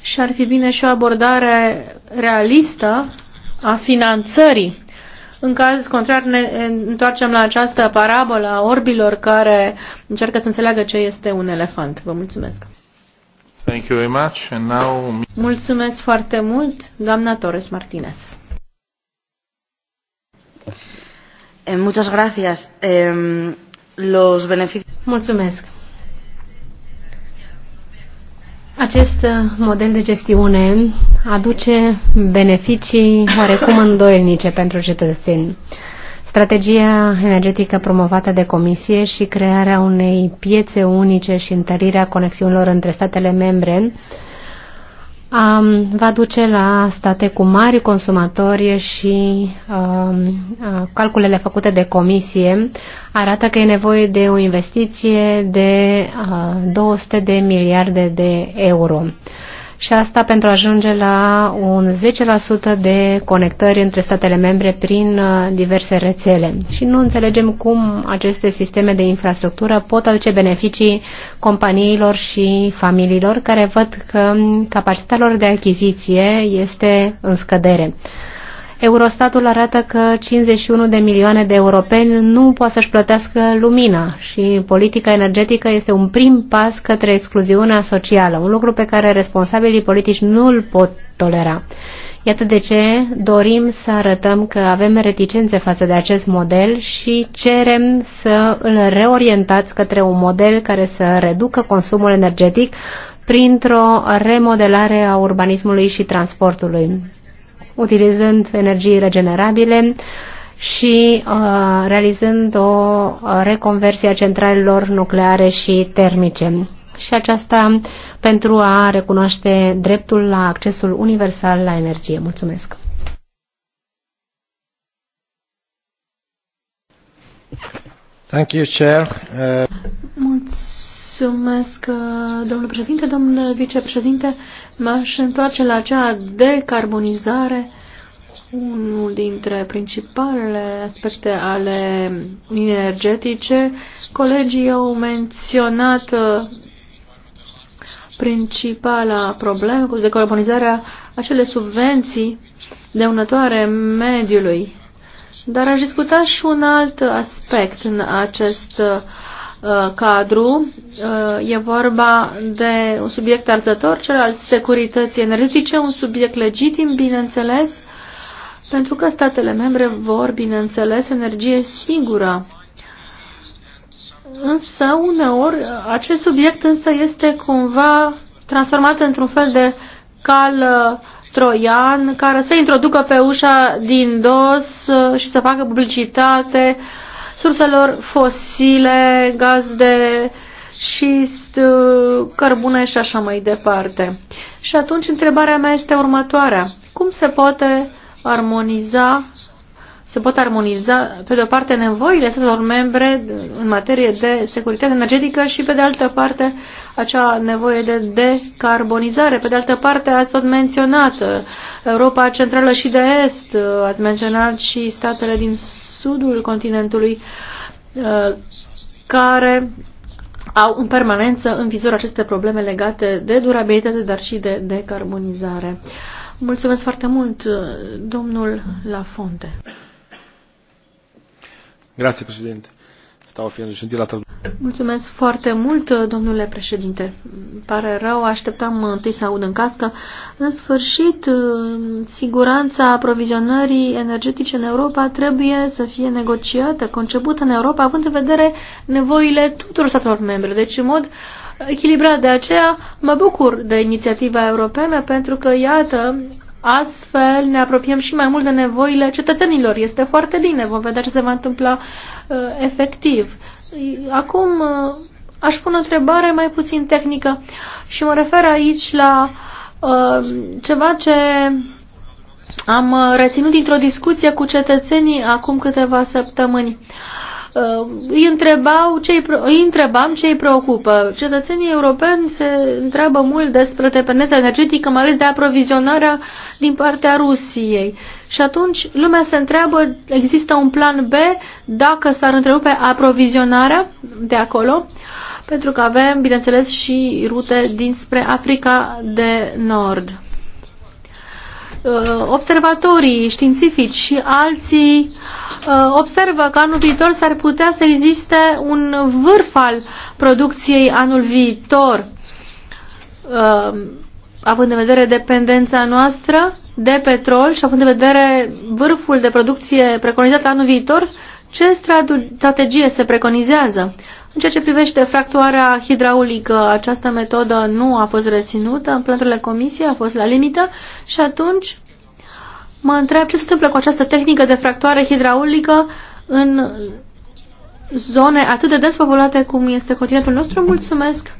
și ar fi bine și o abordare realistă a finanțării. În caz contrar, ne întoarcem la această parabolă a orbilor care încearcă să înțeleagă ce este un elefant. Vă mulțumesc! Thank you very much. And now... Mulțumesc foarte mult, doamna Torres Martinez. Eh, muchas gracias. Eh, los beneficios... Mulțumesc. Acest uh, model de gestiune aduce beneficii oarecum îndoielnice pentru cetățeni. Strategia energetică promovată de Comisie și crearea unei piețe unice și întărirea conexiunilor între statele membre um, va duce la state cu mari consumatori și um, uh, calculele făcute de comisie arată că e nevoie de o investiție de uh, 200 de miliarde de euro și asta pentru a ajunge la un 10% de conectări între statele membre prin uh, diverse rețele. Și nu înțelegem cum aceste sisteme de infrastructură pot aduce beneficii companiilor și familiilor care văd că capacitatea lor de achiziție este în scădere. Eurostatul arată că 51 de milioane de europeni nu pot să-și plătească lumina și politica energetică este un prim pas către excluziunea socială, un lucru pe care responsabilii politici nu îl pot tolera. Iată de ce dorim să arătăm că avem reticențe față de acest model și cerem să îl reorientați către un model care să reducă consumul energetic printr-o remodelare a urbanismului și transportului utilizând energii regenerabile și uh, realizând o uh, reconversie a centralelor nucleare și termice. Și aceasta pentru a recunoaște dreptul la accesul universal la energie. Mulțumesc! Thank you, Chair. Uh... Mulțumesc, uh, domnule președinte, domnule vicepreședinte. M-aș întoarce la acea decarbonizare, unul dintre principalele aspecte ale energetice. Colegii au menționat uh, principala problemă cu decarbonizarea acele subvenții dăunătoare mediului. Dar aș discuta și un alt aspect în acest uh, Uh, cadru. Uh, e vorba de un subiect arzător, cel al securității energetice, un subiect legitim, bineînțeles, pentru că statele membre vor, bineînțeles, energie sigură. Însă, uneori, acest subiect însă este cumva transformat într-un fel de cal uh, troian care să introducă pe ușa din dos și să facă publicitate uh, surselor fosile, gaz de șist, cărbune și așa mai departe. Și atunci întrebarea mea este următoarea. Cum se poate armoniza se pot armoniza, pe de o parte, nevoile statelor membre în materie de securitate energetică și, pe de altă parte, acea nevoie de decarbonizare. Pe de altă parte, ați tot menționat uh, Europa Centrală și de Est, uh, ați menționat și statele din sudul continentului uh, care au în permanență în vizor aceste probleme legate de durabilitate, dar și de decarbonizare. Mulțumesc foarte mult, domnul Lafonte. Grazie, Mulțumesc foarte mult, domnule președinte. pare rău, așteptam întâi să aud în cască. În sfârșit, siguranța aprovizionării energetice în Europa trebuie să fie negociată, concepută în Europa, având în vedere nevoile tuturor statelor membre. Deci, în mod echilibrat, de aceea mă bucur de inițiativa europeană, pentru că, iată, Astfel ne apropiem și mai mult de nevoile cetățenilor. Este foarte bine, vom vedea ce se va întâmpla uh, efectiv. Acum uh, aș pune o întrebare mai puțin tehnică și mă refer aici la uh, ceva ce am uh, reținut dintr-o discuție cu cetățenii acum câteva săptămâni. Uh, îi, întrebau ce îi întrebam ce îi preocupă. Cetățenii europeni se întreabă mult despre dependența energetică, mai ales de aprovizionarea din partea Rusiei. Și atunci lumea se întreabă, există un plan B dacă s-ar întrerupe aprovizionarea de acolo, pentru că avem, bineînțeles, și rute dinspre Africa de Nord. Uh, observatorii științifici și alții uh, observă că anul viitor s-ar putea să existe un vârf al producției anul viitor, uh, având în vedere dependența noastră de petrol și având în vedere vârful de producție preconizat anul viitor, ce strategie se preconizează? În ceea ce privește fractuarea hidraulică, această metodă nu a fost reținută în plantele comisiei, a fost la limită și atunci mă întreb ce se întâmplă cu această tehnică de fractoare hidraulică în zone atât de despopulate populate cum este continentul nostru. Mulțumesc!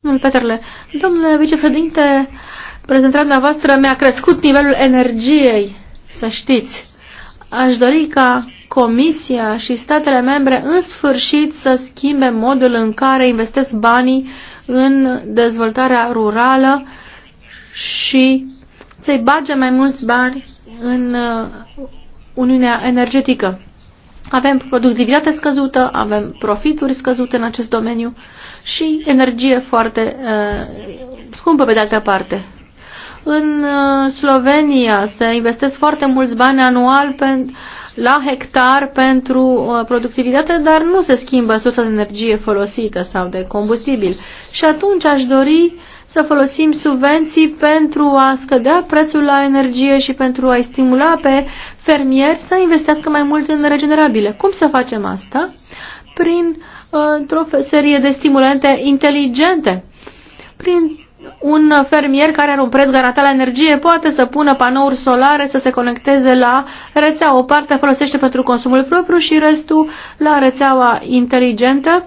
Domnul Peterle, domnule vicepreședinte, prezentarea dumneavoastră mi-a crescut nivelul energiei, să știți. Aș dori ca Comisia și statele membre în sfârșit să schimbe modul în care investesc banii în dezvoltarea rurală și să-i bage mai mulți bani în uh, Uniunea Energetică. Avem productivitate scăzută, avem profituri scăzute în acest domeniu și energie foarte uh, scumpă pe de altă parte. În uh, Slovenia se investesc foarte mulți bani anual pentru la hectar pentru uh, productivitate, dar nu se schimbă sursa de energie folosită sau de combustibil. Și atunci aș dori să folosim subvenții pentru a scădea prețul la energie și pentru a-i stimula pe fermieri să investească mai mult în regenerabile. Cum să facem asta? Prin uh, o serie de stimulente inteligente, prin un fermier care are un preț garantat la energie poate să pună panouri solare, să se conecteze la rețea. O parte folosește pentru consumul propriu și restul la rețeaua inteligentă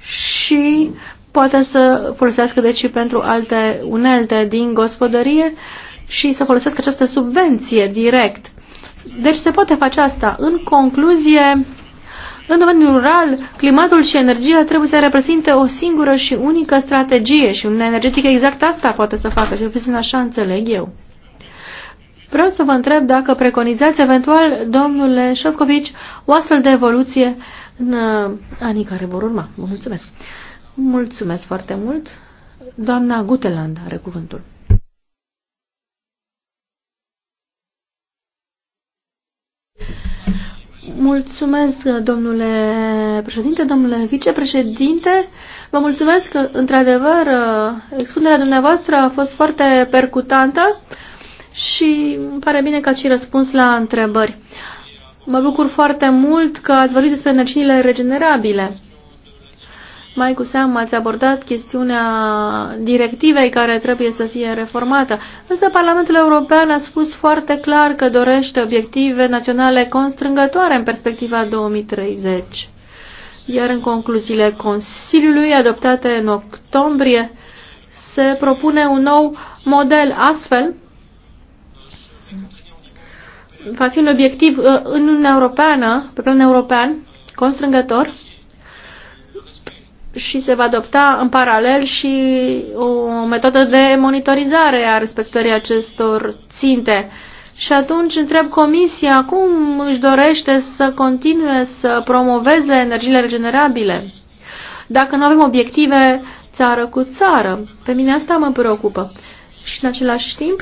și poate să folosească deci pentru alte unelte din gospodărie și să folosească această subvenție direct. Deci se poate face asta. În concluzie, în domeniul rural, climatul și energia trebuie să reprezinte o singură și unică strategie și Uniunea Energetică exact asta poate să facă, și puțin așa înțeleg eu. Vreau să vă întreb dacă preconizați eventual, domnule Șovcovici, o astfel de evoluție în uh, anii care vor urma. Mulțumesc! Mulțumesc foarte mult! Doamna Guteland are cuvântul. Mulțumesc, domnule președinte, domnule vicepreședinte. Vă mulțumesc că, într-adevăr, expunerea dumneavoastră a fost foarte percutantă și îmi pare bine că ați răspuns la întrebări. Mă bucur foarte mult că ați vorbit despre energiile regenerabile mai cu seamă ați abordat chestiunea directivei care trebuie să fie reformată. Însă Parlamentul European a spus foarte clar că dorește obiective naționale constrângătoare în perspectiva 2030. Iar în concluziile Consiliului adoptate în octombrie se propune un nou model astfel va fi un obiectiv uh, în Uniunea Europeană, pe plan european, constrângător, și se va adopta în paralel și o metodă de monitorizare a respectării acestor ținte. Și atunci întreb Comisia cum își dorește să continue să promoveze energiile regenerabile dacă nu avem obiective țară cu țară. Pe mine asta mă preocupă. Și în același timp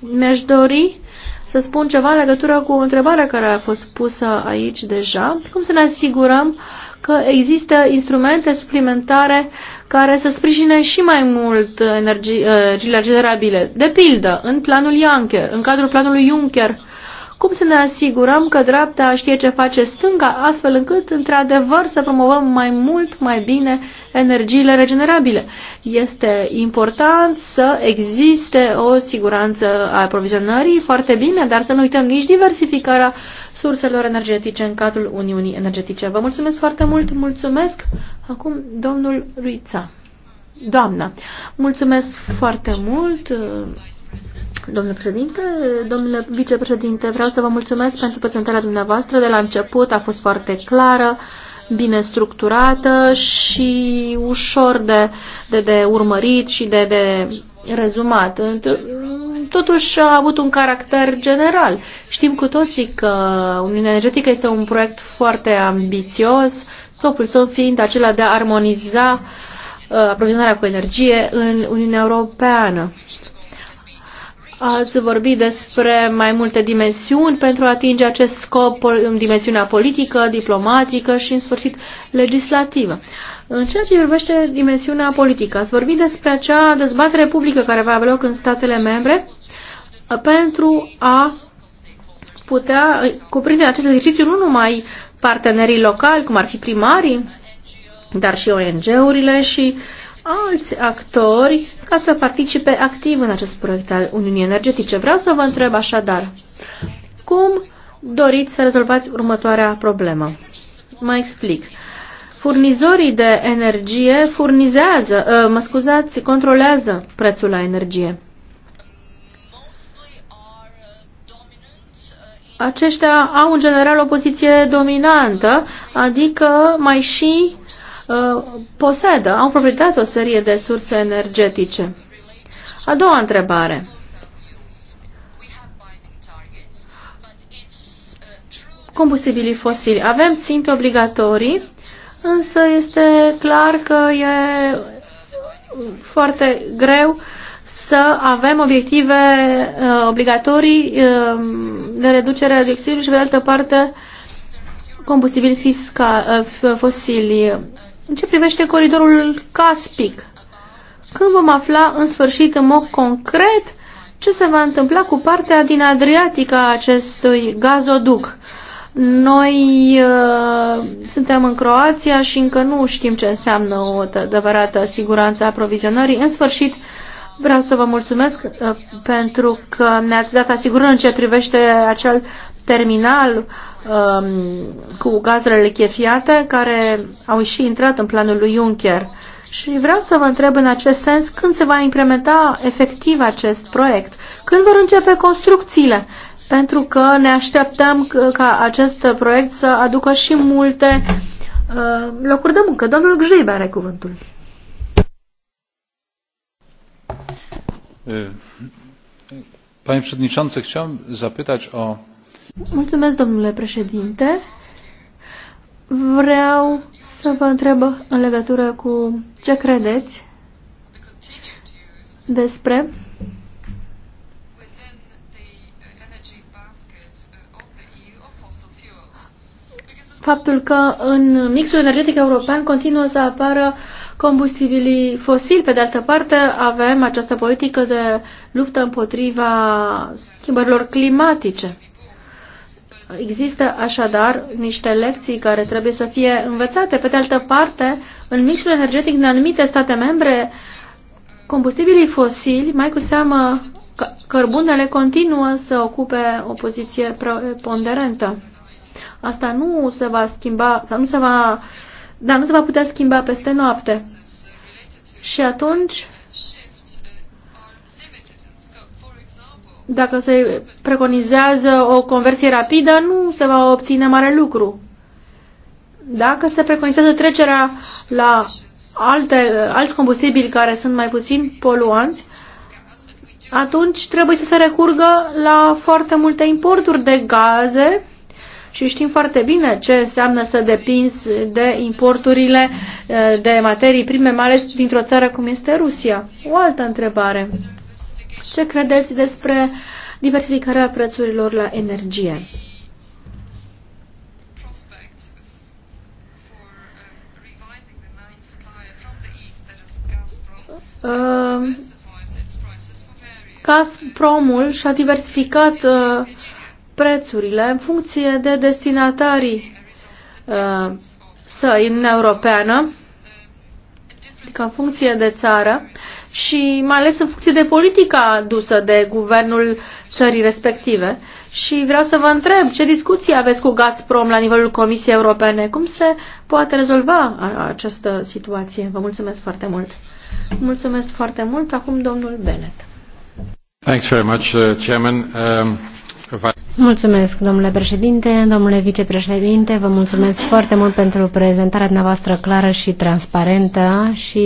mi-aș dori să spun ceva în legătură cu întrebarea care a fost pusă aici deja. Cum să ne asigurăm uh, că există instrumente suplimentare care să sprijine și mai mult uh, energiile regenerabile. De pildă, în planul Juncker, în cadrul planului Juncker, cum să ne asigurăm că dreapta știe ce face stânga, astfel încât, într-adevăr, să promovăm mai mult, mai bine energiile regenerabile. Este important să existe o siguranță a aprovizionării foarte bine, dar să nu uităm nici diversificarea surselor energetice în cadrul Uniunii Energetice. Vă mulțumesc foarte mult, mulțumesc. Acum, domnul Ruița. Doamna, mulțumesc foarte mult. Domnule președinte, domnule vicepreședinte, vreau să vă mulțumesc pentru prezentarea dumneavoastră. De la început a fost foarte clară, bine structurată și ușor de, de, de urmărit și de, de rezumat totuși a avut un caracter general. Știm cu toții că Uniunea Energetică este un proiect foarte ambițios, scopul său fiind acela de a armoniza uh, aprovizionarea cu energie în Uniunea Europeană. Ați vorbit despre mai multe dimensiuni pentru a atinge acest scop, în dimensiunea politică, diplomatică și, în sfârșit, legislativă. În ceea ce privește dimensiunea politică, ați vorbit despre acea dezbatere publică care va avea loc în statele membre pentru a putea cuprinde acest exercițiu nu numai partenerii locali, cum ar fi primarii, dar și ONG-urile și alți actori ca să participe activ în acest proiect al Uniunii Energetice. Vreau să vă întreb așadar, cum doriți să rezolvați următoarea problemă? Mă explic. Furnizorii de energie furnizează, uh, mă scuzați, controlează prețul la energie. aceștia au în general o poziție dominantă, adică mai și uh, posedă, au proprietat o serie de surse energetice. A doua întrebare. Combustibilii fosili. Avem ținte obligatorii, însă este clar că e foarte greu să avem obiective uh, obligatorii uh, de reducere a dioxidului și, pe de altă parte, combustibili fisca, uh, fosili. În ce privește coridorul Caspic, când vom afla în sfârșit în mod concret ce se va întâmpla cu partea din Adriatică a acestui gazoduc. Noi uh, suntem în Croația și încă nu știm ce înseamnă o adevărată siguranță a aprovizionării. În sfârșit, uh, Vreau să vă mulțumesc uh, pentru că ne-ați dat asigurări în ce privește acel terminal um, cu gazele chefiate care au și intrat în planul lui Juncker. Și vreau să vă întreb în acest sens când se va implementa efectiv acest proiect, când vor începe construcțiile, pentru că ne așteptăm ca acest proiect să aducă și multe uh, locuri de muncă. Domnul Gjib are cuvântul. Panie Przewodniczący, chciałem zapytać o... Mulțumesc, domnule președinte. Vreau să vă întreb în legătură cu ce credeți despre faptul că în mixul energetic european continuă să apară uh, combustibilii fosili. Pe de altă parte, avem această politică de luptă împotriva schimbărilor climatice. Există așadar niște lecții care trebuie să fie învățate. Pe de altă parte, în mixul energetic din anumite state membre, combustibilii fosili, mai cu seamă cărbunele, continuă să ocupe o poziție ponderentă. Asta nu se va schimba, sau nu se va dar nu se va putea schimba peste noapte. Și atunci, dacă se preconizează o conversie rapidă, nu se va obține mare lucru. Dacă se preconizează trecerea la alte, alți combustibili care sunt mai puțin poluanți, atunci trebuie să se recurgă la foarte multe importuri de gaze și știm foarte bine ce înseamnă să depinzi de importurile eh, de materii prime, mai ales dintr-o țară cum este Rusia. O altă întrebare. Ce credeți despre diversificarea prețurilor la energie? Eh, Gazpromul și-a diversificat uh, prețurile în funcție de destinatarii uh, săi în Europeană, adică în funcție de țară și mai ales în funcție de politica dusă de guvernul țării respective. Și vreau să vă întreb, ce discuții aveți cu Gazprom la nivelul Comisiei Europene? Cum se poate rezolva această situație? Vă mulțumesc foarte mult. Mulțumesc foarte mult. Acum domnul Bennett. Thanks very much, uh, Chairman. Um... Mulțumesc, domnule președinte, domnule vicepreședinte, vă mulțumesc foarte mult pentru prezentarea dumneavoastră clară și transparentă și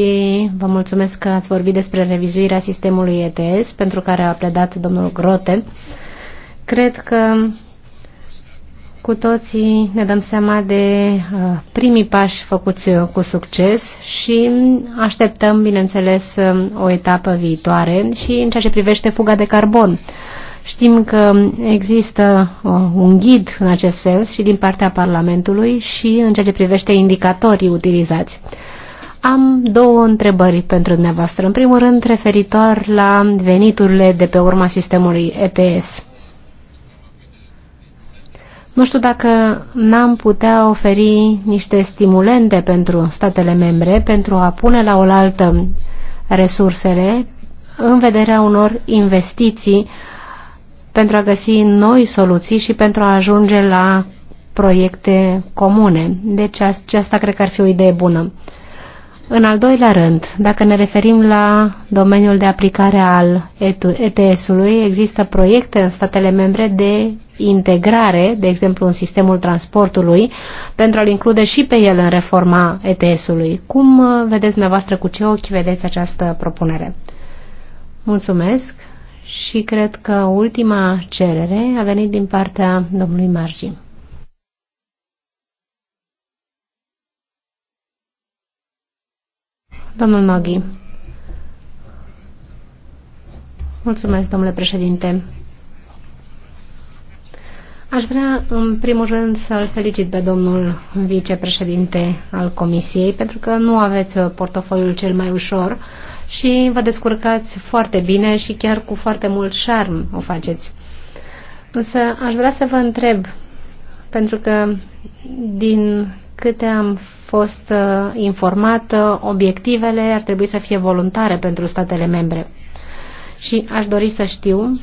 vă mulțumesc că ați vorbit despre revizuirea sistemului ETS pentru care a pledat domnul Grote. Cred că cu toții ne dăm seama de uh, primii pași făcuți uh, cu succes și așteptăm, bineînțeles, uh, o etapă viitoare și în ceea ce privește fuga de carbon. Știm că există uh, un ghid în acest sens și din partea Parlamentului și în ceea ce privește indicatorii utilizați. Am două întrebări pentru dumneavoastră. În primul rând, referitor la veniturile de pe urma sistemului ETS. Nu știu dacă n-am putea oferi niște stimulente pentru statele membre pentru a pune la oaltă resursele în vederea unor investiții uh, pentru a găsi noi soluții și pentru a ajunge la proiecte comune. Deci aceasta cred că ar fi o idee bună. În al doilea rând, dacă ne referim la domeniul de aplicare al ETS-ului, există proiecte în statele membre de integrare, de exemplu în sistemul transportului, pentru a-l include și pe el în reforma ETS-ului. Cum uh, vedeți dumneavoastră cu ce ochi vedeți această propunere? Mulțumesc! și cred că ultima cerere a venit din partea domnului Margi. Domnul Maghi. Mulțumesc, domnule președinte. Aș vrea, în primul rând, să-l felicit pe domnul vicepreședinte al Comisiei, pentru că nu aveți portofoliul cel mai ușor, și vă descurcați foarte bine și chiar cu foarte mult șarm o faceți. Însă aș vrea să vă întreb, pentru că din câte am fost uh, informată, uh, obiectivele ar trebui să fie voluntare pentru statele membre. Și aș dori să știu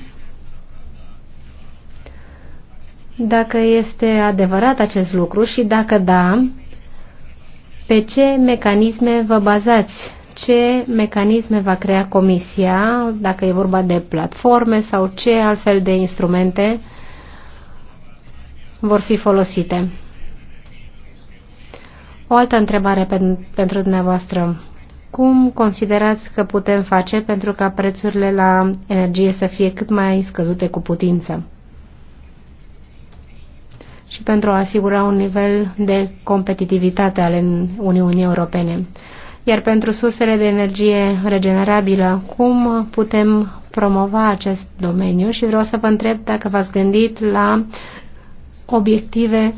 dacă este adevărat acest lucru și dacă da, pe ce mecanisme vă bazați ce mecanisme va crea Comisia, dacă e vorba de platforme sau ce altfel de instrumente vor fi folosite. O altă întrebare pentru dumneavoastră. Cum considerați că putem face pentru ca prețurile la energie să fie cât mai scăzute cu putință? Și pentru a asigura un nivel de competitivitate al Uniunii Europene. Iar pentru sursele de energie regenerabilă, cum putem promova acest domeniu? Și vreau să vă întreb dacă v-ați gândit la obiective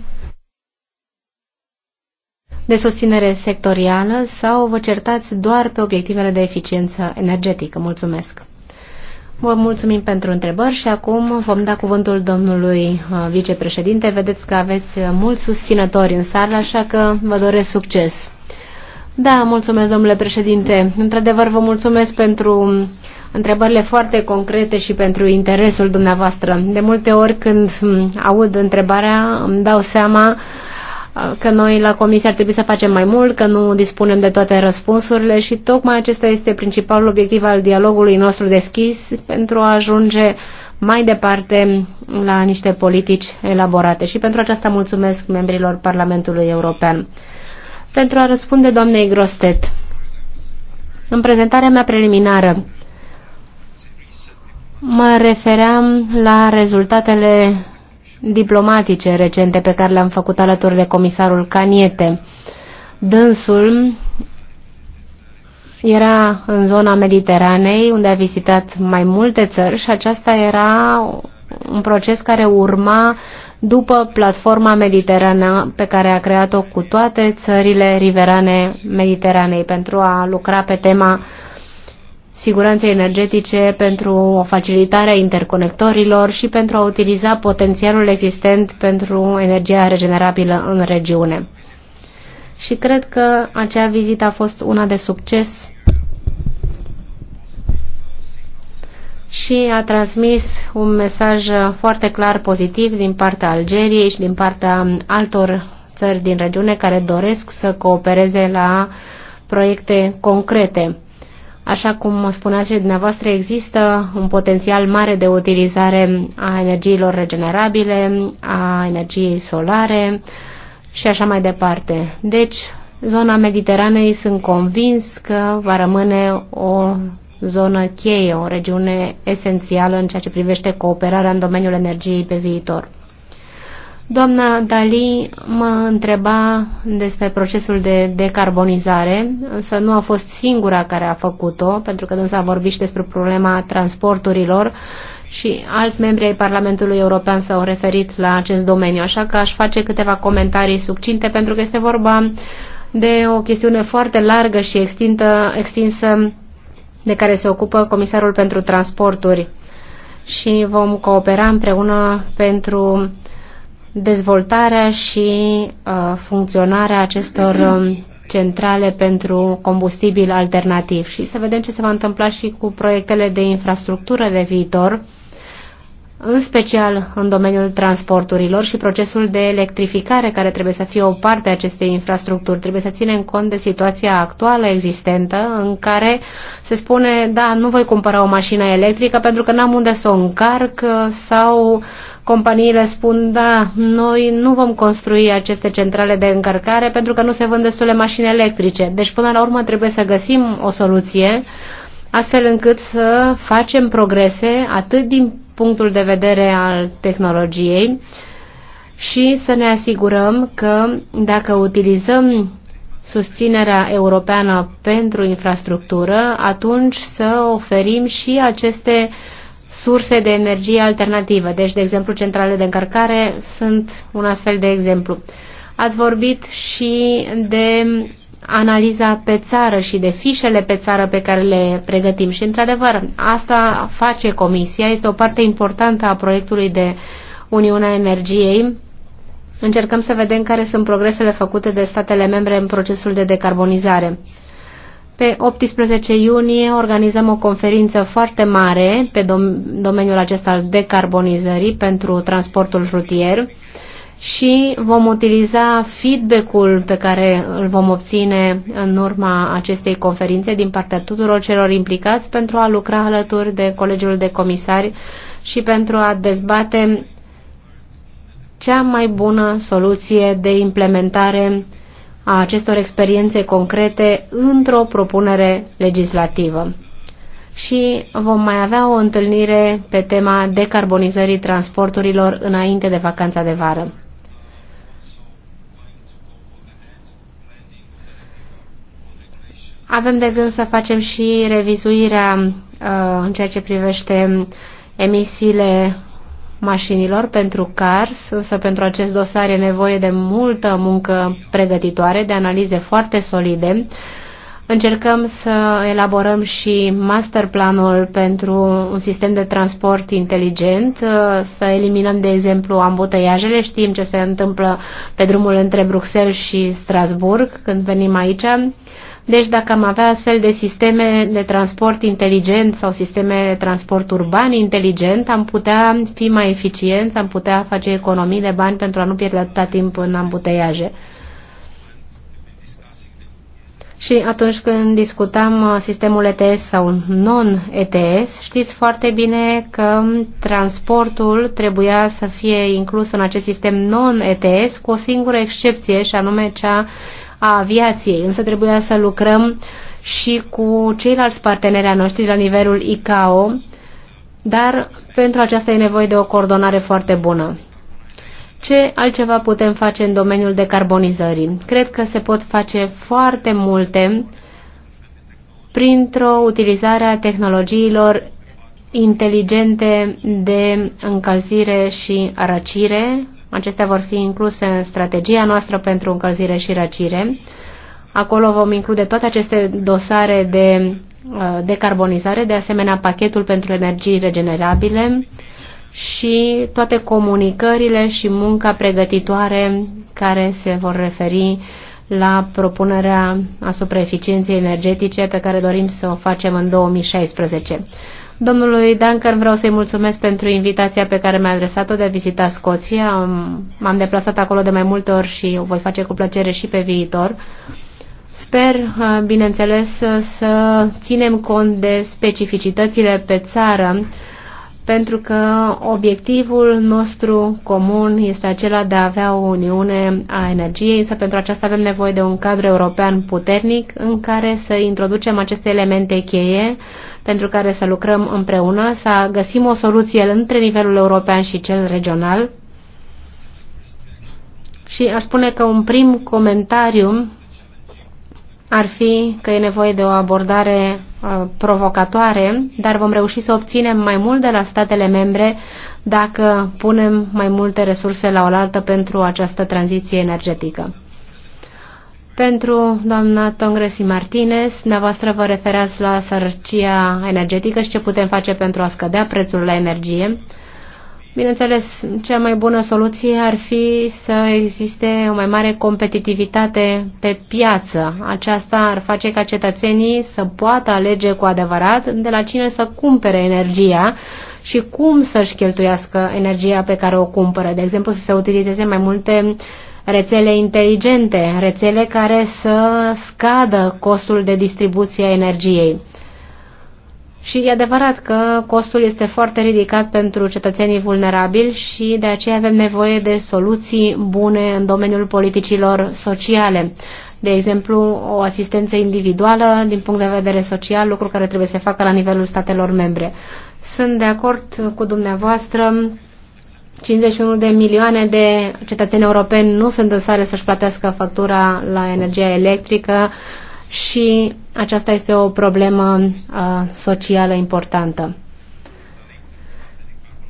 de susținere sectorială sau vă certați doar pe obiectivele de eficiență energetică? Mulțumesc! Vă mulțumim pentru întrebări și acum vom da cuvântul domnului uh, vicepreședinte. Vedeți că aveți mulți susținători în sală, așa că vă doresc succes! Da, mulțumesc, domnule președinte. Într-adevăr, vă mulțumesc pentru întrebările foarte concrete și pentru interesul dumneavoastră. De multe ori când aud întrebarea, îmi dau seama uh, că noi la comisie ar trebui să facem mai mult, că nu dispunem de toate răspunsurile și tocmai acesta este principalul obiectiv al dialogului nostru deschis pentru a ajunge mai departe la niște politici elaborate. Și pentru aceasta mulțumesc membrilor Parlamentului European pentru a răspunde doamnei Grostet. În prezentarea mea preliminară mă refeream la rezultatele diplomatice recente pe care le-am făcut alături de comisarul Caniete. Dânsul era în zona Mediteranei, unde a vizitat mai multe țări și aceasta era un proces care urma după platforma mediterană pe care a creat-o cu toate țările riverane Mediteranei pentru a lucra pe tema siguranței energetice, pentru o facilitare a interconectorilor și pentru a utiliza potențialul existent pentru energia regenerabilă în regiune. Și cred că acea vizită a fost una de succes și a transmis un mesaj foarte clar pozitiv din partea Algeriei și din partea altor țări din regiune care doresc să coopereze la proiecte concrete. Așa cum spuneați și dumneavoastră, există un potențial mare de utilizare a energiilor regenerabile, a energiei solare și așa mai departe. Deci, zona Mediteranei sunt convins că va rămâne o zonă cheie, o regiune esențială în ceea ce privește cooperarea în domeniul energiei pe viitor. Doamna Dali mă întreba despre procesul de decarbonizare, însă nu a fost singura care a făcut-o, pentru că dânsa a vorbit și despre problema transporturilor și alți membri ai Parlamentului European s-au referit la acest domeniu, așa că aș face câteva comentarii succinte, pentru că este vorba de o chestiune foarte largă și extintă, extinsă de care se ocupă Comisarul pentru Transporturi și vom coopera împreună pentru dezvoltarea și uh, funcționarea acestor um, centrale pentru combustibil alternativ și să vedem ce se va întâmpla și cu proiectele de infrastructură de viitor în special în domeniul transporturilor și procesul de electrificare care trebuie să fie o parte a acestei infrastructuri. Trebuie să ținem cont de situația actuală existentă în care se spune, da, nu voi cumpăra o mașină electrică pentru că n-am unde să o încarc sau companiile spun, da, noi nu vom construi aceste centrale de încărcare pentru că nu se vând destule mașini electrice. Deci până la urmă trebuie să găsim o soluție astfel încât să facem progrese atât din punctul de vedere al tehnologiei și să ne asigurăm că dacă utilizăm susținerea europeană pentru infrastructură, atunci să oferim și aceste surse de energie alternativă. Deci, de exemplu, centrale de încărcare sunt un astfel de exemplu. Ați vorbit și de analiza pe țară și de fișele pe țară pe care le pregătim. Și, într-adevăr, asta face Comisia, este o parte importantă a proiectului de Uniunea Energiei. Încercăm să vedem care sunt progresele făcute de statele membre în procesul de decarbonizare. Pe 18 iunie organizăm o conferință foarte mare pe dom domeniul acesta al decarbonizării pentru transportul rutier și vom utiliza feedback-ul pe care îl vom obține în urma acestei conferințe din partea tuturor celor implicați pentru a lucra alături de Colegiul de Comisari și pentru a dezbate cea mai bună soluție de implementare a acestor experiențe concrete într-o propunere legislativă. Și vom mai avea o întâlnire pe tema decarbonizării transporturilor înainte de vacanța de vară. Avem de gând să facem și revizuirea uh, în ceea ce privește emisiile mașinilor pentru CARS, însă pentru acest dosar e nevoie de multă muncă pregătitoare, de analize foarte solide. Încercăm să elaborăm și master planul pentru un sistem de transport inteligent, uh, să eliminăm, de exemplu, ambuteiajele. Știm ce se întâmplă pe drumul între Bruxelles și Strasburg când venim aici deci dacă am avea astfel de sisteme de transport inteligent sau sisteme de transport urban inteligent, am putea fi mai eficienți, am putea face economii de bani pentru a nu pierde atâta timp în ambuteiaje. Și atunci când discutam uh, sistemul ETS sau non-ETS, știți foarte bine că transportul trebuia să fie inclus în acest sistem non-ETS cu o singură excepție și anume cea a aviației, însă trebuia să lucrăm și cu ceilalți parteneri a noștri la nivelul ICAO, dar pentru aceasta e nevoie de o coordonare foarte bună. Ce altceva putem face în domeniul decarbonizării? Cred că se pot face foarte multe printr-o utilizare a tehnologiilor inteligente de încălzire și răcire, Acestea vor fi incluse în strategia noastră pentru încălzire și răcire. Acolo vom include toate aceste dosare de uh, decarbonizare, de asemenea pachetul pentru energii regenerabile și toate comunicările și munca pregătitoare care se vor referi la propunerea asupra eficienței energetice pe care dorim să o facem în 2016. Domnului Duncan vreau să-i mulțumesc pentru invitația pe care mi-a adresat-o de a vizita Scoția. M-am deplasat acolo de mai multe ori și o voi face cu plăcere și pe viitor. Sper, uh, bineînțeles, să ținem cont de specificitățile pe țară pentru că obiectivul nostru comun este acela de a avea o uniune a energiei, însă pentru aceasta avem nevoie de un cadru european puternic în care să introducem aceste elemente cheie pentru care să lucrăm împreună, să găsim o soluție între nivelul european și cel regional. Și aș spune că un prim comentariu ar fi că e nevoie de o abordare uh, provocatoare, dar vom reuși să obținem mai mult de la statele membre dacă punem mai multe resurse la oaltă pentru această tranziție energetică. Pentru doamna Tongresi Martinez, dumneavoastră vă referați la sărăcia energetică și ce putem face pentru a scădea prețul la energie. Bineînțeles, cea mai bună soluție ar fi să existe o mai mare competitivitate pe piață. Aceasta ar face ca cetățenii să poată alege cu adevărat de la cine să cumpere energia și cum să-și cheltuiască energia pe care o cumpără. De exemplu, să se utilizeze mai multe rețele inteligente, rețele care să scadă costul de distribuție a energiei. Și e adevărat că costul este foarte ridicat pentru cetățenii vulnerabili și de aceea avem nevoie de soluții bune în domeniul politicilor sociale. De exemplu, o asistență individuală din punct de vedere social, lucru care trebuie să se facă la nivelul statelor membre. Sunt de acord cu dumneavoastră 51 de milioane de cetățeni europeni nu sunt în stare să-și plătească factura la energia electrică, și aceasta este o problemă uh, socială importantă.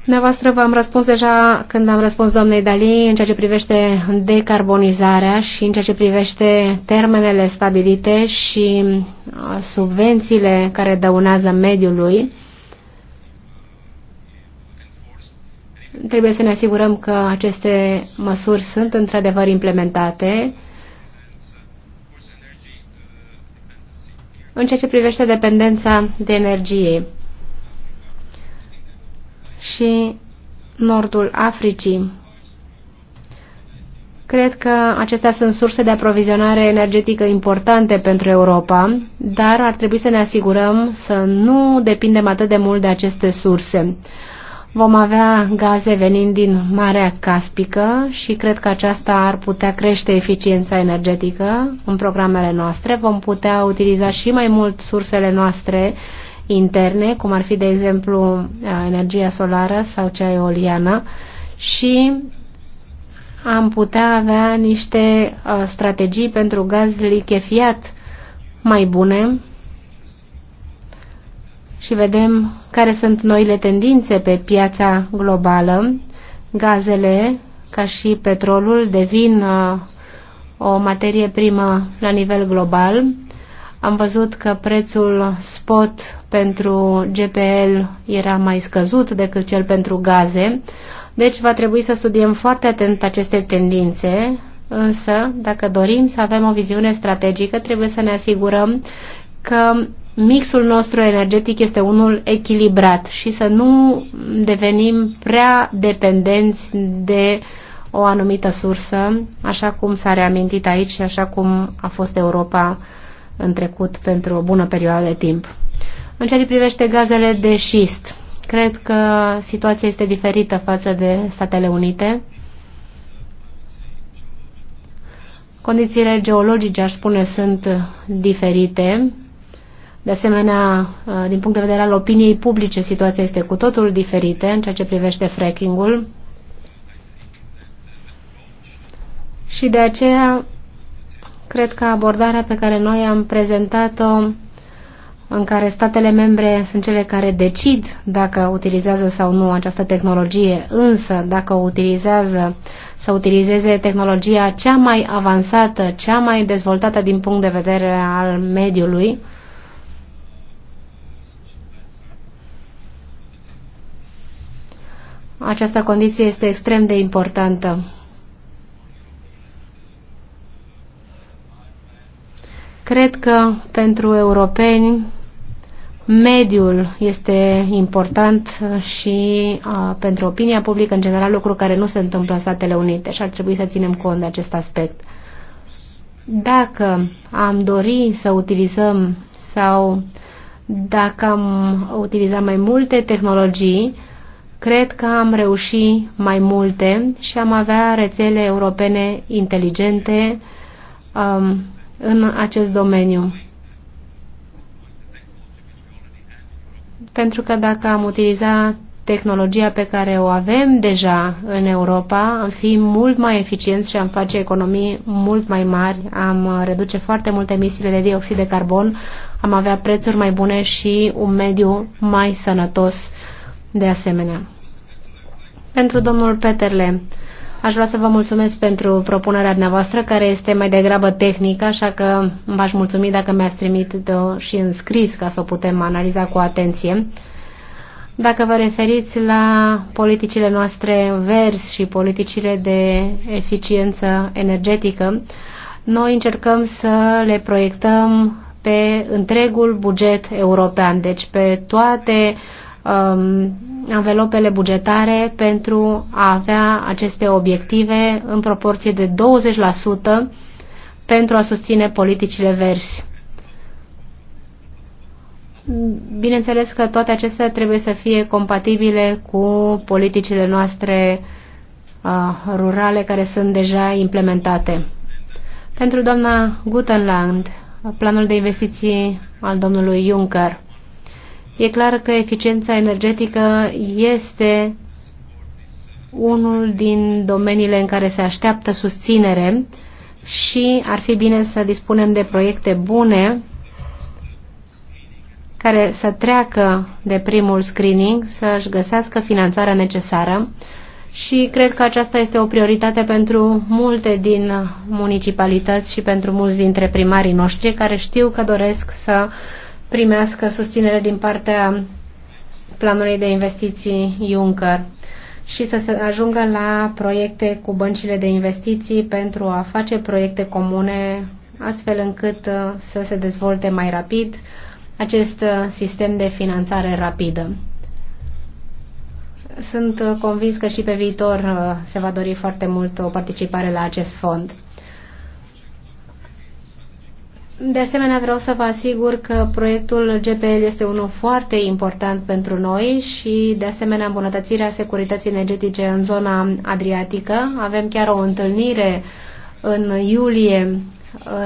Dumneavoastră v-am răspuns deja când am răspuns doamnei Dali în ceea ce privește decarbonizarea și în ceea ce privește termenele stabilite și uh, subvențiile care dăunează mediului. Trebuie să ne asigurăm că aceste măsuri sunt într-adevăr implementate în ceea ce privește dependența de energie. Și nordul Africii. Cred că acestea sunt surse de aprovizionare energetică importante pentru Europa, dar ar trebui să ne asigurăm să nu depindem atât de mult de aceste surse. Vom avea gaze venind din Marea Caspică și cred că aceasta ar putea crește eficiența energetică în programele noastre. Vom putea utiliza și mai mult sursele noastre interne, cum ar fi, de exemplu, uh, energia solară sau cea eoliană și am putea avea niște uh, strategii pentru gaz lichefiat mai bune și vedem care sunt noile tendințe pe piața globală. Gazele, ca și petrolul, devin uh, o materie primă la nivel global. Am văzut că prețul spot pentru GPL era mai scăzut decât cel pentru gaze, deci va trebui să studiem foarte atent aceste tendințe, însă dacă dorim să avem o viziune strategică, trebuie să ne asigurăm că mixul nostru energetic este unul echilibrat și să nu devenim prea dependenți de o anumită sursă, așa cum s-a reamintit aici și așa cum a fost Europa în trecut pentru o bună perioadă de timp. În ce privește gazele de șist, cred că situația este diferită față de Statele Unite. Condițiile geologice, aș spune, sunt diferite de asemenea, uh, din punct de vedere al opiniei publice, situația este cu totul diferită în ceea ce privește fracking-ul. Și de aceea, cred că abordarea pe care noi am prezentat-o, în care statele membre sunt cele care decid dacă utilizează sau nu această tehnologie, însă dacă o utilizează să utilizeze tehnologia cea mai avansată, cea mai dezvoltată din punct de vedere al mediului, Această condiție este extrem de importantă. Cred că pentru europeni mediul este important și a, pentru opinia publică în general lucru care nu se întâmplă în Statele Unite și ar trebui să ținem cont de acest aspect. Dacă am dori să utilizăm sau dacă am utilizat mai multe tehnologii, Cred că am reușit mai multe și am avea rețele europene inteligente um, în acest domeniu. Pentru că dacă am utilizat tehnologia pe care o avem deja în Europa, am fi mult mai eficienți și am face economii mult mai mari, am uh, reduce foarte mult emisiile de dioxid de carbon, am avea prețuri mai bune și un mediu mai sănătos de asemenea. Pentru domnul Peterle, aș vrea să vă mulțumesc pentru propunerea dumneavoastră, care este mai degrabă tehnică, așa că v-aș mulțumi dacă mi-ați trimit-o și în scris, ca să o putem analiza cu atenție. Dacă vă referiți la politicile noastre vers și politicile de eficiență energetică, noi încercăm să le proiectăm pe întregul buget european, deci pe toate uh, um, anvelopele bugetare pentru a avea aceste obiective în proporție de 20% pentru a susține politicile verzi. Bineînțeles că toate acestea trebuie să fie compatibile cu politicile noastre uh, rurale care sunt deja implementate. Pentru doamna Gutenland, planul de investiții al domnului Juncker. E clar că eficiența energetică este unul din domeniile în care se așteaptă susținere și ar fi bine să dispunem de proiecte bune care să treacă de primul screening, să-și găsească finanțarea necesară și cred că aceasta este o prioritate pentru multe din municipalități și pentru mulți dintre primarii noștri care știu că doresc să uh, primească susținere din partea planului de investiții Juncker și să se ajungă la proiecte cu băncile de investiții pentru a face proiecte comune, astfel încât uh, să se dezvolte mai rapid acest uh, sistem de finanțare rapidă. Sunt uh, convins că și pe viitor se va dori foarte mult o participare la acest fond. De asemenea, vreau să vă asigur că proiectul GPL este unul foarte important pentru noi și, de asemenea, îmbunătățirea securității energetice în zona adriatică. Avem chiar o întâlnire în iulie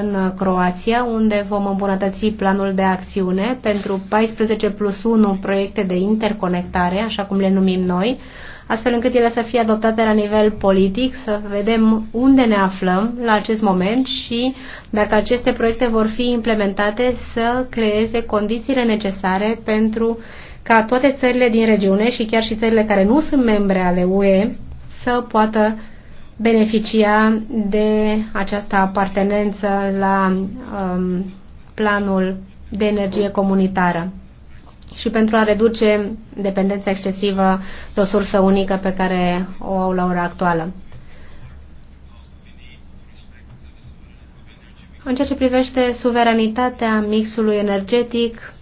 în Croația, unde vom îmbunătăți planul de acțiune pentru 14 plus 1 proiecte de interconectare, așa cum le numim noi, astfel încât ele să fie adoptate la nivel politic, să vedem unde ne aflăm la acest moment și dacă aceste proiecte vor fi implementate să creeze condițiile necesare pentru ca toate țările din regiune și chiar și țările care nu sunt membre ale UE să poată beneficia de această apartenență la um, planul de energie comunitară și pentru a reduce dependența excesivă de o sursă unică pe care o au la ora actuală. În ceea ce privește suveranitatea mixului energetic,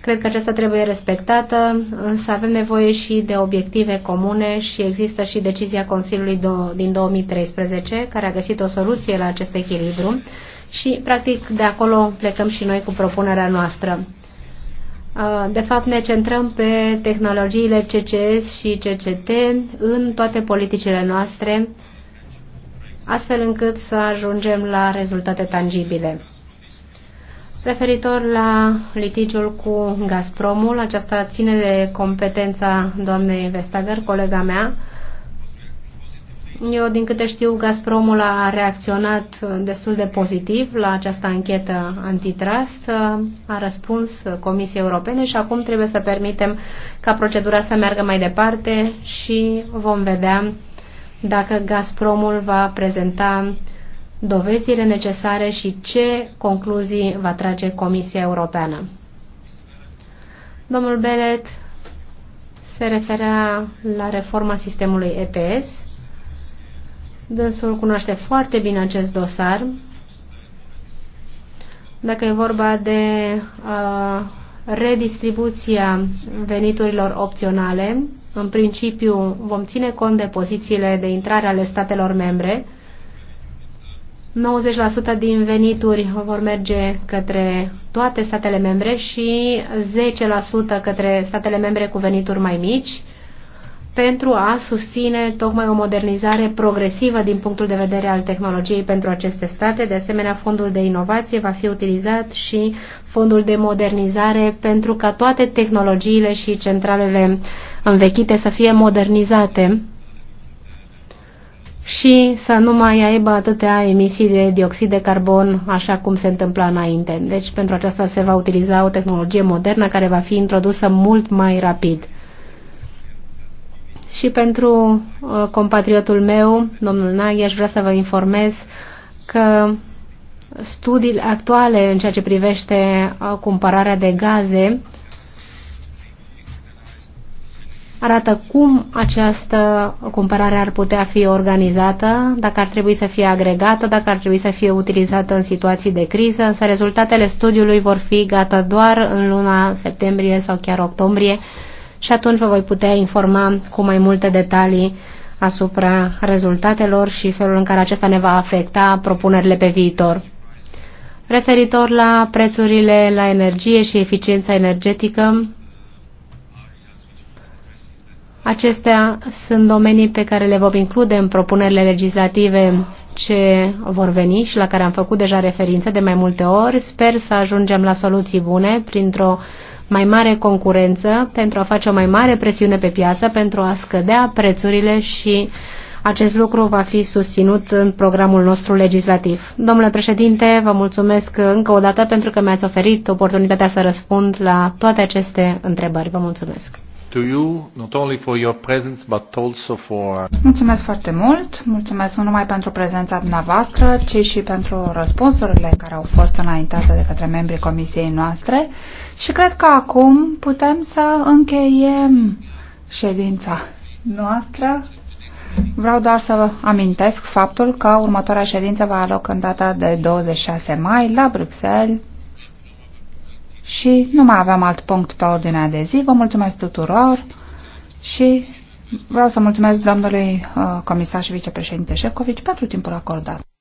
cred că aceasta trebuie respectată, însă avem nevoie și de obiective comune și există și decizia Consiliului din 2013 care a găsit o soluție la acest echilibru și, practic, de acolo plecăm și noi cu propunerea noastră. De fapt, ne centrăm pe tehnologiile CCS și CCT în toate politicile noastre, astfel încât să ajungem la rezultate tangibile. Referitor la litigiul cu Gazpromul, aceasta ține de competența doamnei Vestager, colega mea, eu, din câte știu, Gazpromul a reacționat destul de pozitiv la această anchetă antitrust, a răspuns Comisiei Europene și acum trebuie să permitem ca procedura să meargă mai departe și vom vedea dacă Gazpromul va prezenta dovezile necesare și ce concluzii va trage Comisia Europeană. Domnul Belet se referea la reforma sistemului ETS Dânsul cunoaște foarte bine acest dosar. Dacă e vorba de uh, redistribuția veniturilor opționale, în principiu vom ține cont de pozițiile de intrare ale statelor membre. 90% din venituri vor merge către toate statele membre și 10% către statele membre cu venituri mai mici pentru a susține tocmai o modernizare progresivă din punctul de vedere al tehnologiei pentru aceste state. De asemenea, fondul de inovație va fi utilizat și fondul de modernizare pentru ca toate tehnologiile și centralele învechite să fie modernizate și să nu mai aibă atâtea emisii de dioxid de carbon așa cum se întâmpla înainte. Deci pentru aceasta se va utiliza o tehnologie modernă care va fi introdusă mult mai rapid. Și pentru uh, compatriotul meu, domnul Nagy, aș vrea să vă informez că studiile actuale în ceea ce privește uh, cumpărarea de gaze arată cum această cumpărare ar putea fi organizată, dacă ar trebui să fie agregată, dacă ar trebui să fie utilizată în situații de criză, însă rezultatele studiului vor fi gata doar în luna septembrie sau chiar octombrie și atunci vă voi putea informa cu mai multe detalii asupra rezultatelor și felul în care acesta ne va afecta propunerile pe viitor. Referitor la prețurile la energie și eficiența energetică, acestea sunt domenii pe care le vom include în propunerile legislative ce vor veni și la care am făcut deja referință de mai multe ori. Sper să ajungem la soluții bune printr-o uh, mai mare concurență, pentru a face o mai mare presiune pe piață, pentru a scădea prețurile și acest lucru va fi susținut în programul nostru legislativ. Domnule președinte, vă mulțumesc încă o dată pentru că mi-ați oferit oportunitatea să răspund la toate aceste întrebări. Vă mulțumesc to you, not only for your presence, but also for... Mulțumesc foarte mult, mulțumesc nu numai pentru prezența dumneavoastră, ci și pentru răspunsurile care au fost înaintate de către membrii comisiei noastre și cred că acum putem să încheiem ședința noastră. Vreau doar să amintesc faptul că următoarea ședință va avea loc în data de 26 mai la Bruxelles și nu mai aveam alt punct pe ordinea de zi. Vă mulțumesc tuturor și vreau să mulțumesc domnului uh, comisar și vicepreședinte Șefcovici pentru timpul acordat.